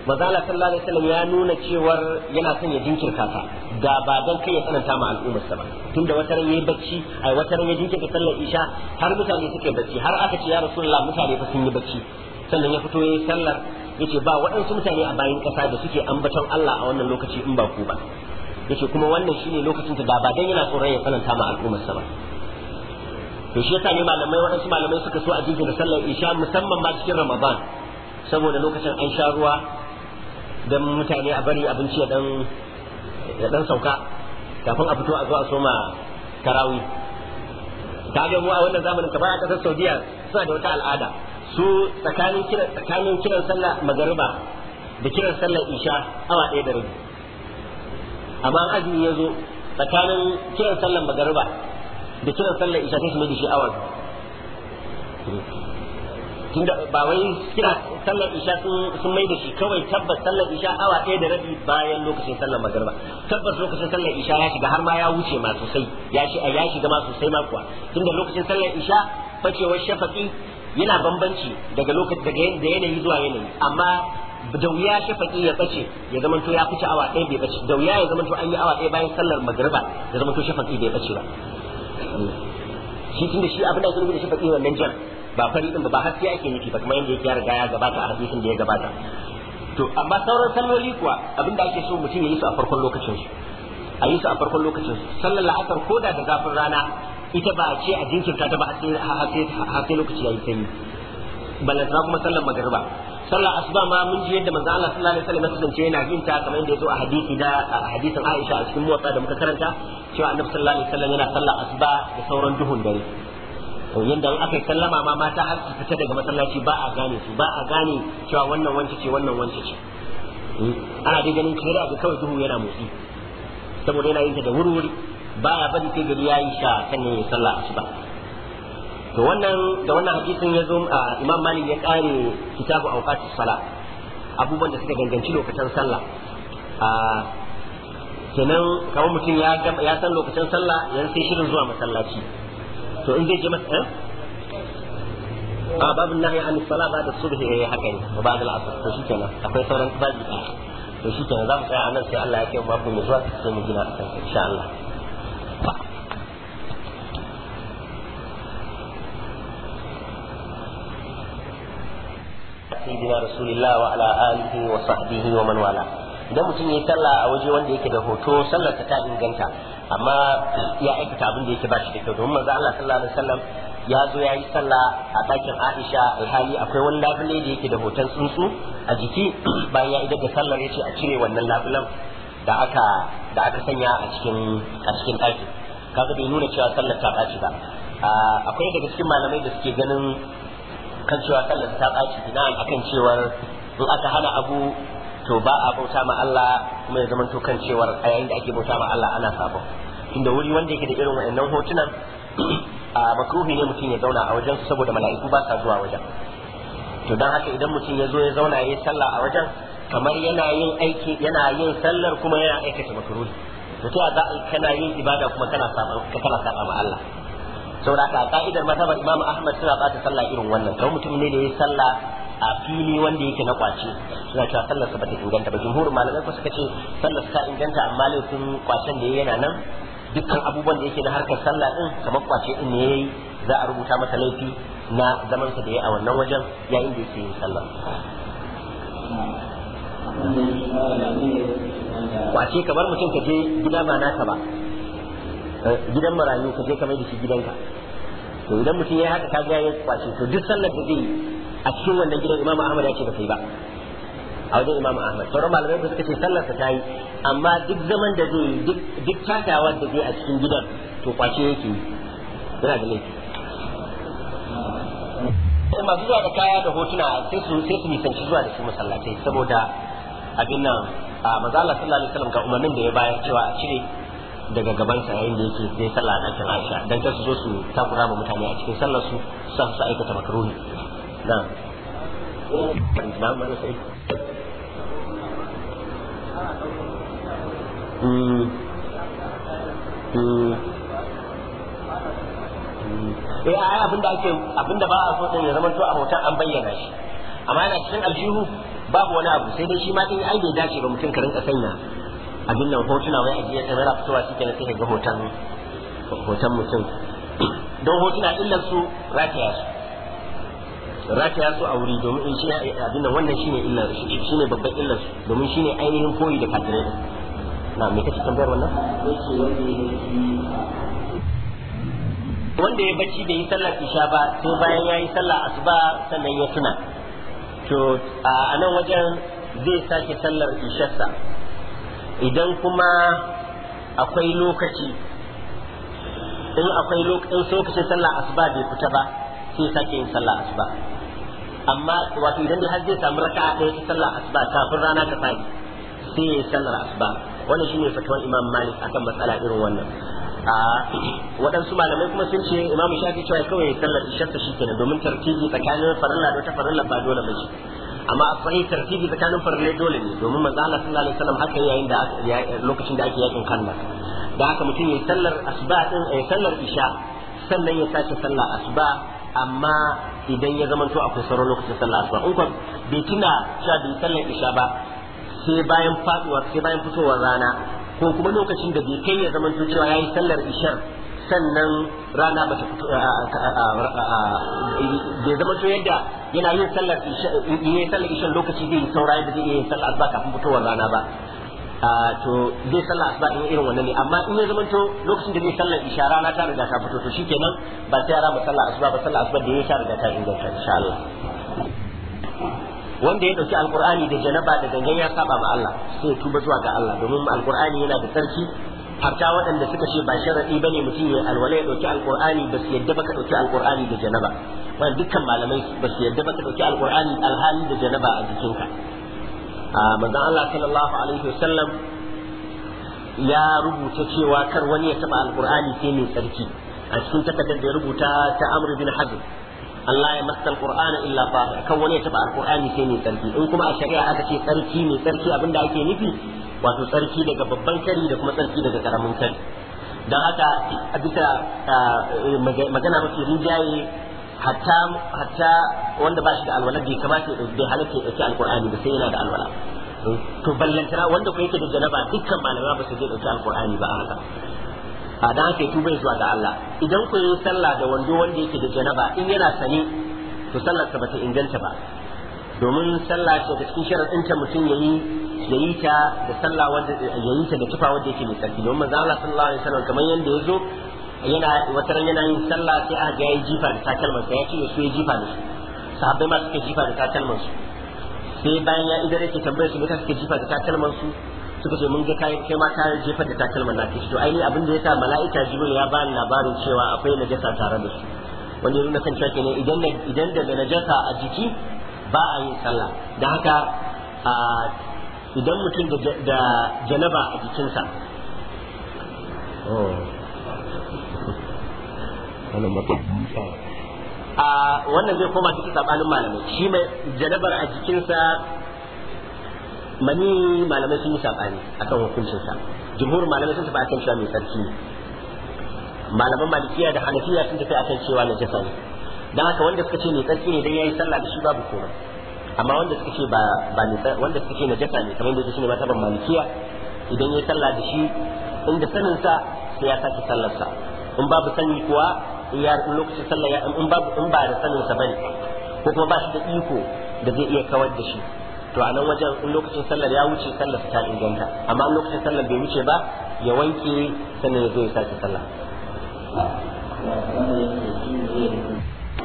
mazala sallallahu alaihi wasallam ya nuna cewar yana son ya jinkirta ta da ba dan kai ya sananta ma al'ummar sa ba tunda wata ran yayi bacci ai wata ran ya jinkirta sallar isha har mutane suke bacci har aka ce ya rasulullah mutane fa sun yi bacci sannan ya fito yayi sallar yace ba waɗansu mutane a bayan ƙasa da suke ambaton Allah a wannan lokaci in ba ku ba yace kuma wannan shine lokacin da ba dan yana tsoron ya sananta ma al'ummar sa ba to shi yasa ne malamai waɗansu malamai suka so a jinkirta sallar isha musamman ma cikin ramadan saboda lokacin an sha ruwa don mutane a bari abinci ya dan sauka kafin a fito a zuwa soma karawi ta ga mu a wannan zamanin kamar a kasar saudiya suna da wata al'ada su tsakanin kiran tsakanin kiran sallah magariba da kiran sallah isha awa ɗaya da rabi amma azumi ya zo tsakanin kiran sallah magariba da kiran sallah isha sai su mai da shi awa tunda ba wai kira sallar isha sun mai da shi kawai tabbas sallar isha awa ɗaya da rabi bayan lokacin sallar magariba tabbas lokacin sallar isha ya shiga har ma ya wuce ma sosai ya ya shiga ma sosai ma kuwa tunda lokacin sallar isha bacewar shafaqi yana bambanci daga lokacin daga da yanayi zuwa yanayi amma da wuya shafaqi ya bace ya to ya fice awa ɗaya bai bace da wuya ya to an yi awa ɗaya bayan sallar magariba ya to shafaqi bai bace ba shi tunda shi abin da ya da shafaqi wannan jan ba fari din ba hasiya ake nufi ba kamar yadda ya riga ya gabata a hadisin da ya gabata to amma sauran salloli kuwa abinda ake so mutum ya yi su a farkon lokacin su a yi su a farkon lokacin su sallar la'asar ko da da zafin rana ita ba a ce a jinkirta ta ba a sai lokaci ya yi sanyi za kuma sallar magariba sallar asuba ma mun ji yadda manzo Allah sallallahu alaihi wasallam ya kasance yana yin ta kamar yadda ya zo a hadisi da hadisin Aisha a cikin motsa da muka karanta cewa annabi sallallahu alaihi wasallam yana sallar asuba da sauran duhun dare yanda aka yi sallama ma mata har su fita daga masallaci ba a gane su ba a gane cewa wannan wance ce wannan wance ce hmm? ana dai ganin kira da kawai duhu yana motsi saboda yana yin ta da wurwuri wuri ya bari sai gari yayi sha kan ne sallah ba to wannan da wannan hadisin ya zo Imam Malik ya kare kitabu awqatus sala abubuwan da suka ganganci lokacin sallah kenan kamar mutum ya san lokacin sallah yanzu sai shirin zuwa masallaci تو انجي جمت ها آه باب النهي عن الصلاة بعد الصبح هي حكاية وبعد العصر تو شو كنا أخوي صار أنت بعد تو شو كنا ذا مسألة عنك يا الله يكون باب نزوات تسمى جنا إن شاء الله سيدنا رسول الله وعلى آله وصحبه ومن والاه idan mutum yi sallah a waje wanda yake da hoto sallar ta inganta amma ya aikata abin da yake ba shi da kyau domin maza Allah sallallahu alaihi wasallam ya zo ya yi sallah a ɗakin Aisha alhali akwai wani labule da yake da hoton tsuntsu a jiki bayan ya idar da sallar ya ce a cire wannan labulen da aka da aka sanya a cikin a cikin ɗaki kaga bai nuna cewa sallar ta ɓaci ba akwai daga cikin malamai da suke ganin kan cewa sallar ta ɓaci bina akan cewar in aka hana abu to ba a bauta ma Allah kuma ya zama to kan cewar a yayin da ake bauta ma Allah ana sabo inda wuri wanda yake da irin wannan hotunan a makruhi ne mutum ya zauna a wajen saboda mala'iku ba sa zuwa wajen to dan haka idan mutum ya zo ya zauna yayi sallah a wajen kamar yana yin aiki yana yin sallar kuma yana aikata makruhi to ta za kana yin ibada kuma kana ka kana saba ma Allah saboda ka ka'idar mazhabar Imam Ahmad suna ta sallah irin wannan to mutum ne da yi sallah a fili wanda yake na kwace suna cewa sallar ba ta inganta ba jumhur malamai ko suka ce sallar ta inganta amma laifin kwacen da yana nan dukkan abubuwan da yake na harkar sallah din kamar kwace din ne yayi za a rubuta masa laifi na zaman sa da yayi a wannan wajen yayin da yake yin sallah kwace kamar mutum ka je gida ba naka eh, ba gidan marayu ka je ka mai da shi gidanka to idan mutum ya haka ka ga ya kwace to duk sallar da zai a cikin wannan gidan imamu ahmad ya ce ba ta yi ba a wajen imamu ahmad sauran malamai suka ce sallarsa ta yi amma duk zaman da zai duk takawar da zai a cikin gidan to kwace yake yana da laifi masu zuwa da kaya da hotuna sai su sai su nisanci zuwa da su masallatai saboda abin nan a maza Allah sallallahu alaihi wasallam ga umarnin da ya bayar cewa a cire daga gaban sa yayin da yake sai sallah a ɗakin Aisha dan kar su zo su takura ma mutane a cikin sallar su su aikata makaroni نعم نعم أنا abin da ake abin da ba a so din ya zama a hoton an bayyana shi amma yana cikin aljihu babu wani abu sai dai shi ma din ai bai dace ba mutum ka rinka sanya abin nan hotuna wai ajiye ta mera fitowa shi kenan sai ga hoton hoton mutum don hotuna illar su rataya su rataya su a wuri domin in shi abin da wannan shine illa shine babban illar domin shine ainihin koyi da kafirai na me kake tambayar wannan wanda ya bacci bai yi sallar isha ba sai bayan ya yi sallar asuba sannan ya tuna to a nan wajen zai sake sallar isharsa idan kuma akwai lokaci in akwai lokacin sallar asuba bai fita ba sai sake yin sallar asuba amma wato idan har zai samu raka'a ɗaya ta sallah asuba kafin rana ta fadi sai ya sallar asuba wannan shine fatawar imam malik akan matsala irin wannan a waɗansu malamai kuma sun ce imam shafi cewa kawai ya sallar isharta shi kenan domin tartibi tsakanin farilla da ta farilla ba dole ba amma a sahi tartibi tsakanin farilla dole ne domin manzo Allah sallallahu alaihi wasallam haka yayin da lokacin da ake yakin kanna da haka mutum ya sallar asuba din ya sallar isha sannan ya sace sallar asuba amma idan ya to akwai sauran lokacin sallah asuba in kwan bai tuna cewa bai sallar isha ba sai bayan faduwa sai bayan fitowar rana ko kuma lokacin da bai kai ya to cewa yayi sallar ishar sannan rana bata fito bai zama to yadda yana yin sallar isha yayin sallar isha lokaci zai saura yadda zai yi sallar asuba kafin fitowar rana ba Ah, to zai sallah asuba in irin wannan ne amma in ya zamanto lokacin da zai sallar isha rana ta riga ta fito to shikenan ba sai yara ba sallah asuba ba sallah asuba da ya ta riga ta inganta insha Allah wanda ya dauki alqur'ani da janaba da gangan ya saba ma Allah sai tuba zuwa ga Allah domin alqur'ani yana da tsarki hatta waɗanda suka ce ba sharadi bane mutum ya alwala ya dauki alqur'ani ba su yadda ka dauki alqur'ani da janaba wannan dukkan malamai ba su yadda ka dauki alqur'ani alhali da janaba a ka. Ah, manzon Allah sallallahu alaihi wasallam ya rubuta cewa kar wani ya taba alqur'ani sai mai tsarki a cikin takardar da ya rubuta ta Amr bin Hazm Allah ya masa alqur'ana illa fa kar wani ya taba alqur'ani sai mai tsarki in kuma a shari'a aka ce tsarki mai tsarki abinda ake nufi wato tsarki daga babban kari da kuma tsarki daga karamin kari don haka a bisa ah, magana mafi rinjaye hatta hatta wanda ba shi da alwala bai kamata ya bai halatta ya dauki alqur'ani ba sai yana da alwala to ballantana wanda ko yake da janaba dukkan malama ba su je dauki alqur'ani ba a haka a dan haka tubai zuwa ga Allah idan ku yi sallah da wando wanda yake da janaba in yana sani to sallar ba ta inganta ba domin sallah ce da cikin sharadin ta mutum yayi yayi ta da sallah wanda yayi ta da tufa wanda yake mai tsarki domin manzo Allah sallallahu alaihi wasallam kamar yanda yazo yana wata ran yana yin sallah sai a ga yayi jifa da takalman sa ya ce su yi jifa da su sahabbai ma suka jifa da takalman su sai bayan ya idan yake tambayar su me suka jifa da takalman su suka ce mun ga kai kai ma ka jefa da takalman na kishi to ainihin abin da yasa mala'ika jibril ya ba labarin cewa akwai najasa tare da su wanda yana kan cewa kenan idan idan da najasa a jiki ba a yin sallah dan haka idan mutum da janaba a jikinsa oh. anan ba a wannan zai koma cikin sabanin malamai shi mai janabar a jikinsa mani malamai sun yi sabani akan sa jumhur malamai sun tafi akan cewa mai sarki malaman malikiya da hanafiya sun tafi akan cewa na jasa ne dan haka wanda suka ce mai sarki ne dan yayi sallah da shi babu komai amma wanda suka ce ba ba wanda suka ce na jasa ne kamar yadda shi ne mataban malikiya idan yayi sallah da shi inda saninsa sai ya sake sallarsa in babu sani kuwa ya lokacin sallah ya in babu in ba da sanin sa bane ko kuma ba shi da iko da zai iya kawar da shi to a nan wajen in lokacin sallar ya wuce sallar ta inganta amma lokacin sallar bai wuce ba ya wanke sannan ya zo ya sake sallah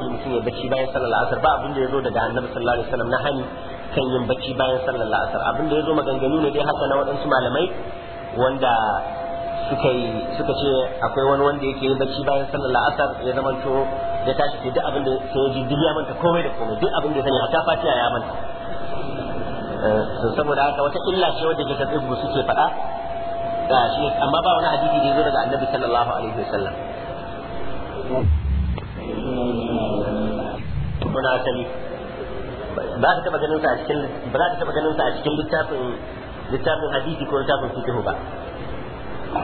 mutum ya bacci bayan sallar la'asar ba abin da ya zo daga annabi sallallahu alaihi wasallam na hani kan yin bacci bayan sallar la'asar abin da ya zo maganganu ne dai haka na waɗansu malamai wanda suka yi suka ce akwai wani wanda yake yin bacci bayan sallar la'asar ya zamanto ya tashi ke duk abin da sai ya ji duk ya manta komai da komai duk abin da ya sani hatta fatiha ya manta eh, saboda haka wata illa ce wadda ke su ke faɗa ga shi amma ba wani hadisi da ya zo daga annabi sallallahu alaihi sallam. muna asali ba ka taɓa ganin sa a cikin ba za ka taba ganin sa a cikin littafin littafin hadisi ko littafin fiqh ba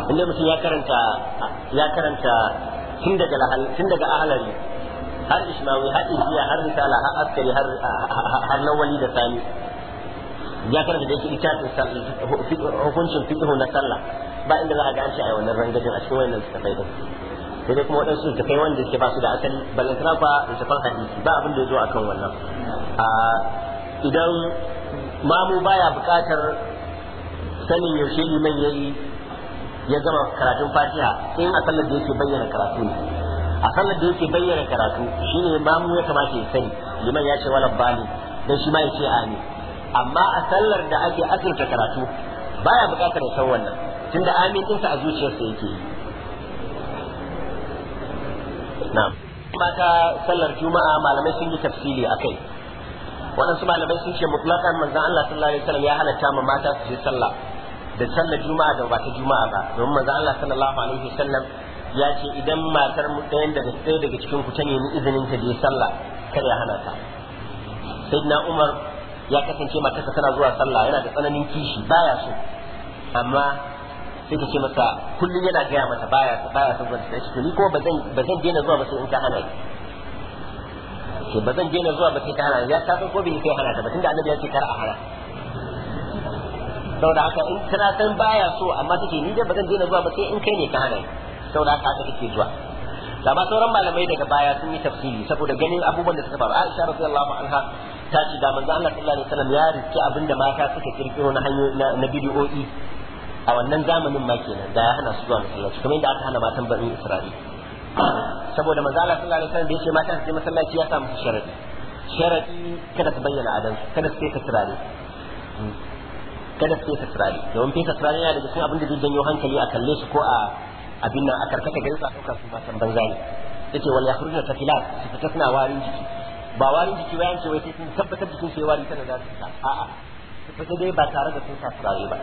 inda mutum ya karanta ya karanta tun daga tun daga ahlali har ismawi har isiya har risala har askari har har nawali da sani ya karanta da yake littafin hukuncin fiqh na sallah ba inda za a ga an ce ai wannan rangajin a cikin wannan suka littafai din sai dai kuma waɗansu littafai wanda suke ba su da asali balantana fa littafan hadisi ba abin da ya zo a kan wannan idan mamu baya buƙatar sanin yaushe liman yi. ya gama karatun fatiha sai in a sallar da yake bayyana karatu ne a sallar da yake bayyana karatu shine mamu ya kamata ya sani liman ya ce wala bali dan shi ma ya ce amin amma a sallar da ake asirta karatu baya bukatar ya san wannan tunda amin sa a zuciyarsa yake yi na'am mata sallar juma'a malamai sun yi tafsiri akai waɗansu malamai sun ce mutlaqan manzan Allah sallallahu alaihi wasallam ya halatta ma mata su yi sallah da sallar juma'a da ba ta juma'a ba domin manzo Allah sallallahu alaihi wasallam ya ce idan matar ɗayan daga ɗaya daga cikin ku ta nemi izinin ta je sallah kar ya hana ta sayyidina Umar ya kasance matarsa tana zuwa sallah yana da tsananin kishi baya so amma sai ta ce masa kullum yana gaya mata baya baya son zuwa sai to ni ko ba zan ba daina zuwa ba sai in ta hana ni to ba daina zuwa ba sai ta hana ya ta san ko bai kai hana ta ba tunda annabi ya ce kar a hana saboda haka in tana san baya so amma take ni dai ba zan daina zuwa ba sai in kai ne ka hana saboda haka haka take zuwa da ba sauran malamai daga baya sun yi tafsiri saboda ganin abubuwan da suka faru Aisha radiyallahu anha ta ce da manzo Allah sallallahu alaihi wasallam ya rike abinda mata suka kirkiro na hanyoyi na bidiyoyi a wannan zamanin ma kenan da ya hana su zuwa masallaci kamar yadda aka hana matan barin Isra'ila saboda manzo Allah sallallahu alaihi wasallam da yace mata su je masallaci ya sa musu sharadi sharadi kada ta bayyana adansu kada su kai ka turare kada su fesa turare domin fesa turare yana daga cikin abin da zai janyo hankali a kalle su ko a abin nan a karkata gari a ɗauka su matan banza ne yace wal yakhrujna tafilat su fita suna warin jiki ba warin jiki ba yanke wai sai sun tabbatar jikin su ya wari tana za su fita a su fita dai ba tare da sun sa turare ba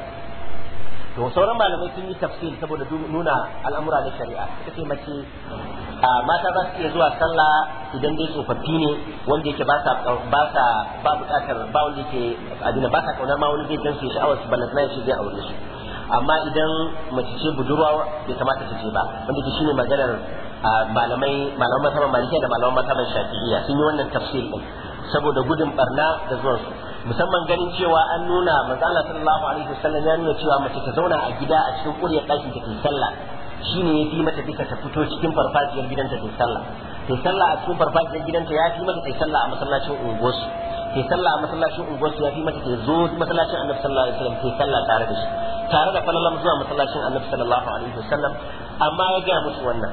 to sauran malamai sun yi tafsir saboda nuna al'amura da shari'a suka ce mace mata za su iya zuwa sallah idan dai tsofaffi ne wanda yake ba sa ba sa ba bukatar ba wanda yake adina ba sa kaunar ma wani zai gan su sha'awar su ya shi zai aure shi amma idan mace ce budurwa bai kamata ta je ba wanda ke shine maganar malamai malaman mataban malikiya da malaman mataban shafi'iya sun yi wannan tafsir din saboda gudun barna da zuwan su musamman ganin cewa an nuna manzala sallallahu alaihi wasallam ya nuna cewa mace ta zauna a gida a cikin ƙuryar ɗakin ta tayi sallah shine ya fi mata duka ta fito cikin farfajiyar gidanta tayi sallah tayi sallah a cikin farfajiyar gidanta ya fi mata tayi sallah a masallacin unguwarsu tayi sallah a masallacin unguwarsu ya fi mata tayi zo masallacin annabi sallallahu alaihi wasallam tayi sallah tare da shi tare da falalam zuwa masallacin annabi sallallahu alaihi wasallam amma ya gaya musu wannan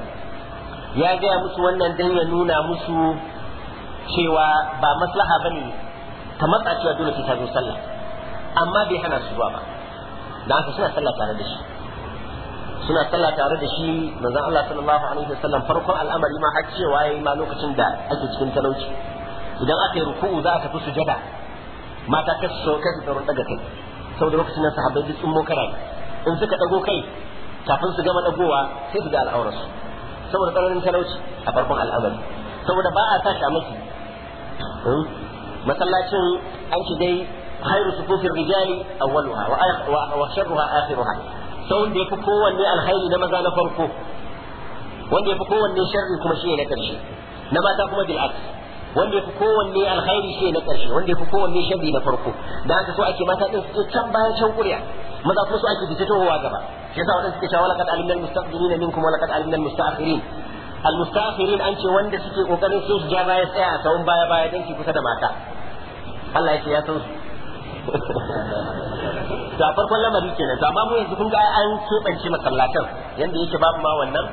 ya gaya musu wannan dan ya nuna musu cewa ba maslaha bane Ka matsa cewa dole sai ta zo sallah amma bai hana su zuwa ba da haka suna sallah tare da shi suna sallah tare da shi manzo Allah sallallahu alaihi wasallam farkon al'amari ma har cewa yayi ma lokacin da ake cikin talauci idan aka yi ruku'u za ka tafi sujada mata kasu so ka tsaron daga kai saboda lokacin nan sahabbai duk tsummo kara in suka dago kai kafin su gama dagowa sai su ga su saboda tsananin talauci a farkon al'amari saboda ba a sa shamaki masallacin an ci dai khairu sufufir rijali awwaluha wa sharruha akhiruha sauran da yafi kowanne alkhairi na maza na farko wanda yafi kowanne sharri kuma shi na karshe na mata kuma bil aks wanda yafi kowanne alkhairi shi na karshe wanda yafi kowanne sharri na farko da haka so ake mata din su can bayan can kuriya maza kuma so ake fitatowa gaba shi yasa wadanda suke cewa laqad alimnal mustaqbilina minkum wa laqad alimnal mustaakhirin almustakhirin an ce wanda suke kokarin sun su ja baya tsaya a tsawon baya baya don ki kusa da mata Allah ya ce ya san su da farkon lamari kenan to amma mu yanzu kun ga an keɓance masallatan yanda yake babu ma wannan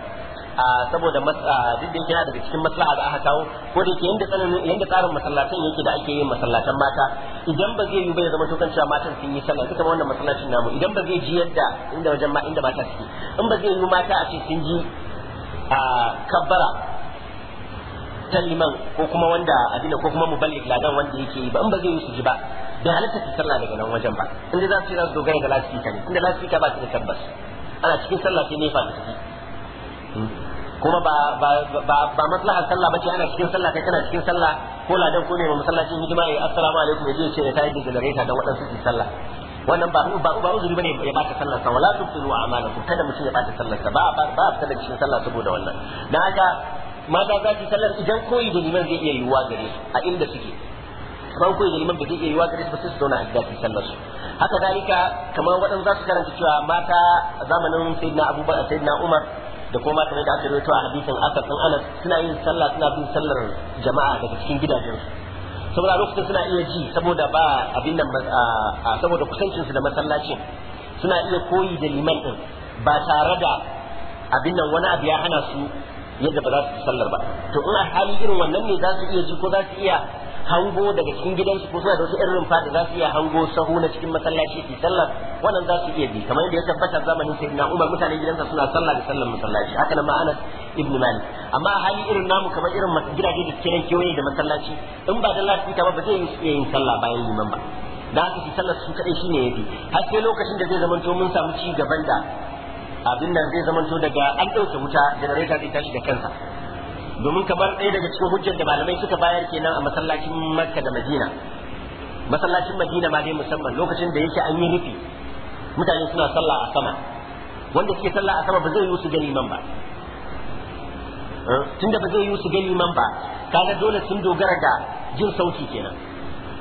saboda duk da yana daga cikin maslaha da aka kawo ko da yake yanda tsananin yanda tsarin masallatan yake da ake yin masallatan mata idan ba zai yi ba ya zama tokan cewa matan sun yi sallah kuma wannan masallacin namu idan ba zai ji yadda inda wajen ma inda mata suke in ba zai yi mata a ce sun ji a kabbara ta ko kuma wanda adina ko kuma muballigh ladan wanda yake yi ba in ba zai yi su ji ba bai halatta su sallah daga nan wajen ba inda za su yi za su dogara ga lasifika ne inda lasifika ba su da tabbas ana cikin sallah sai nefa ta tafi kuma ba ba ba ba maslahar sallah bace ana cikin sallah kai kana cikin sallah ko ladan ko ne ba masallacin hidima ya assalamu alaikum ya je ya ce ya da gareta da waɗansu su sallah wannan ba ba ba uzuri bane ya bata sallar sa wala tubtilu a'malakum kada mutum ya bata sallar sa ba ba ba ta da cikin sallah saboda wannan dan haka mata za su sallar idan koyi da liman zai iya yiwuwa gare su a inda suke ban koyi da liman ba zai iya yiwuwa gare su ba sai su zauna a gida su sallar su haka dalika kamar waɗanda za su karanta cewa mata zamanin sayyidina abubakar sayyidina umar da kuma mata da aka rawaito a hadisin asar anas suna yin sallah suna bin sallar jama'a daga cikin gidajensu saboda lokacin suna iya ji saboda ba abin nan saboda kusancin su da masallacin suna iya koyi da liman din ba tare da abin nan wani abu ya hana su yadda ba za su sallar ba to in a hali irin wannan ne za su iya ji ko za su iya hango daga cikin gidansu ko suna da wasu irin rumfa da za su iya hango sahu na cikin masallaci su sallar wannan za su iya bi kamar yadda ya tabbata zamanin sayyidina Umar mutane gidansa suna sallah da sallar masallaci haka nan ma'ana ibn malik amma hali irin namu kamar irin gidaje da suke kewaye da masallaci in ba da ta ba ba zai iya yin sallah bayan liman ba da haka ki sallar su kadai shine yafi har sai lokacin da zai zamanto mun samu ci gaban da abin nan zai zamanto daga an ɗauke wuta generator zai tashi da kansa domin kamar ɗaya daga cikin hujjar da malamai suka bayar kenan a masallacin makka da madina masallacin madina ma dai musamman lokacin da yake an yi rufi mutane suna sallah a sama wanda suke sallah a sama ba zai yi su gani man ba tunda ba zai yi su gani man ba kaga dole sun dogara da jin sauti kenan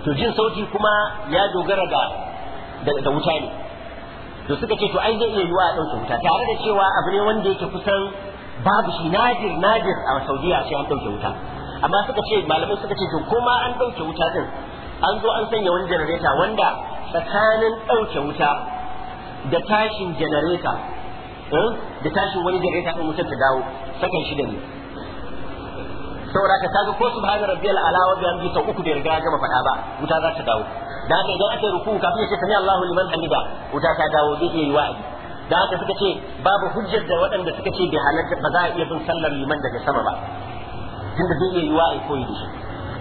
to jin sauti kuma ya dogara da da wuta ne to suka ce to ai zai iya yiwa a ɗauke wuta tare da cewa abu ne wanda yake kusan babu shi nadir nadir a saudiya sai an ɗauke wuta amma suka ce malamai suka ce to koma an ɗauke wuta din an zo an sanya wani janareta wanda tsakanin ɗauke wuta da tashin janareta eh, da tashin wani janareta ɗin wutar ta dawo sakan da ne saboda ka kaga ko subhana rabbiyal ala wa bi sau uku bai riga ya gama faɗa ba wuta za ta dawo da haka idan aka yi ruku kafin ya ce sami Allahu liman hamida wuta ta dawo zai iya yi wa'azi da haka suka ce babu hujjar da waɗanda suka ce bai halatta ba za a iya bin sallar liman daga sama ba tunda zai iya yi wa'azi ko yi da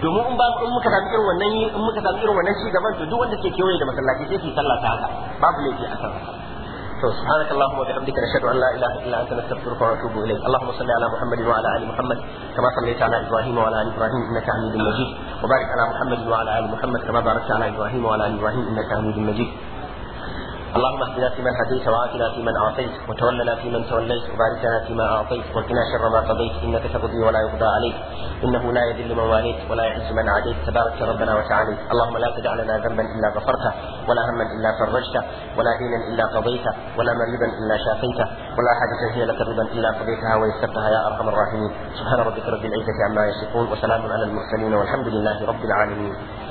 domin in ba in muka sami irin wannan in muka sami irin wannan shi gaban to duk wanda ke kewaye da masallaci sai su sallah ta haka babu laifi a sallah سبحانك اللهم وبحمدك نشهد ان لا اله الا انت نستغفرك ونتوب اليك اللهم صل على محمد وعلى ال محمد كما صليت على ابراهيم وعلى ال ابراهيم انك حميد مجيد وبارك على محمد وعلى ال محمد كما باركت على ابراهيم وعلى ال ابراهيم انك حميد مجيد اللهم اهدنا فيمن هديت وعافنا فيمن عافيت وتولنا فيمن توليت وبارك لنا فيما اعطيت وقنا شر ما قضيت انك تقضي ولا يقضى عليك انه لا يذل من واليت ولا يعز من عاديت تبارك ربنا وتعاليت اللهم لا تدع لنا ذنبا الا غفرته ولا هما الا فرجته ولا دينا الا قضيته ولا مريضا الا شافيته ولا حاجه هي لك ربا الا قضيتها ويسرتها يا ارحم الراحمين سبحان ربك رب العزه عما يصفون وسلام على المرسلين والحمد لله رب العالمين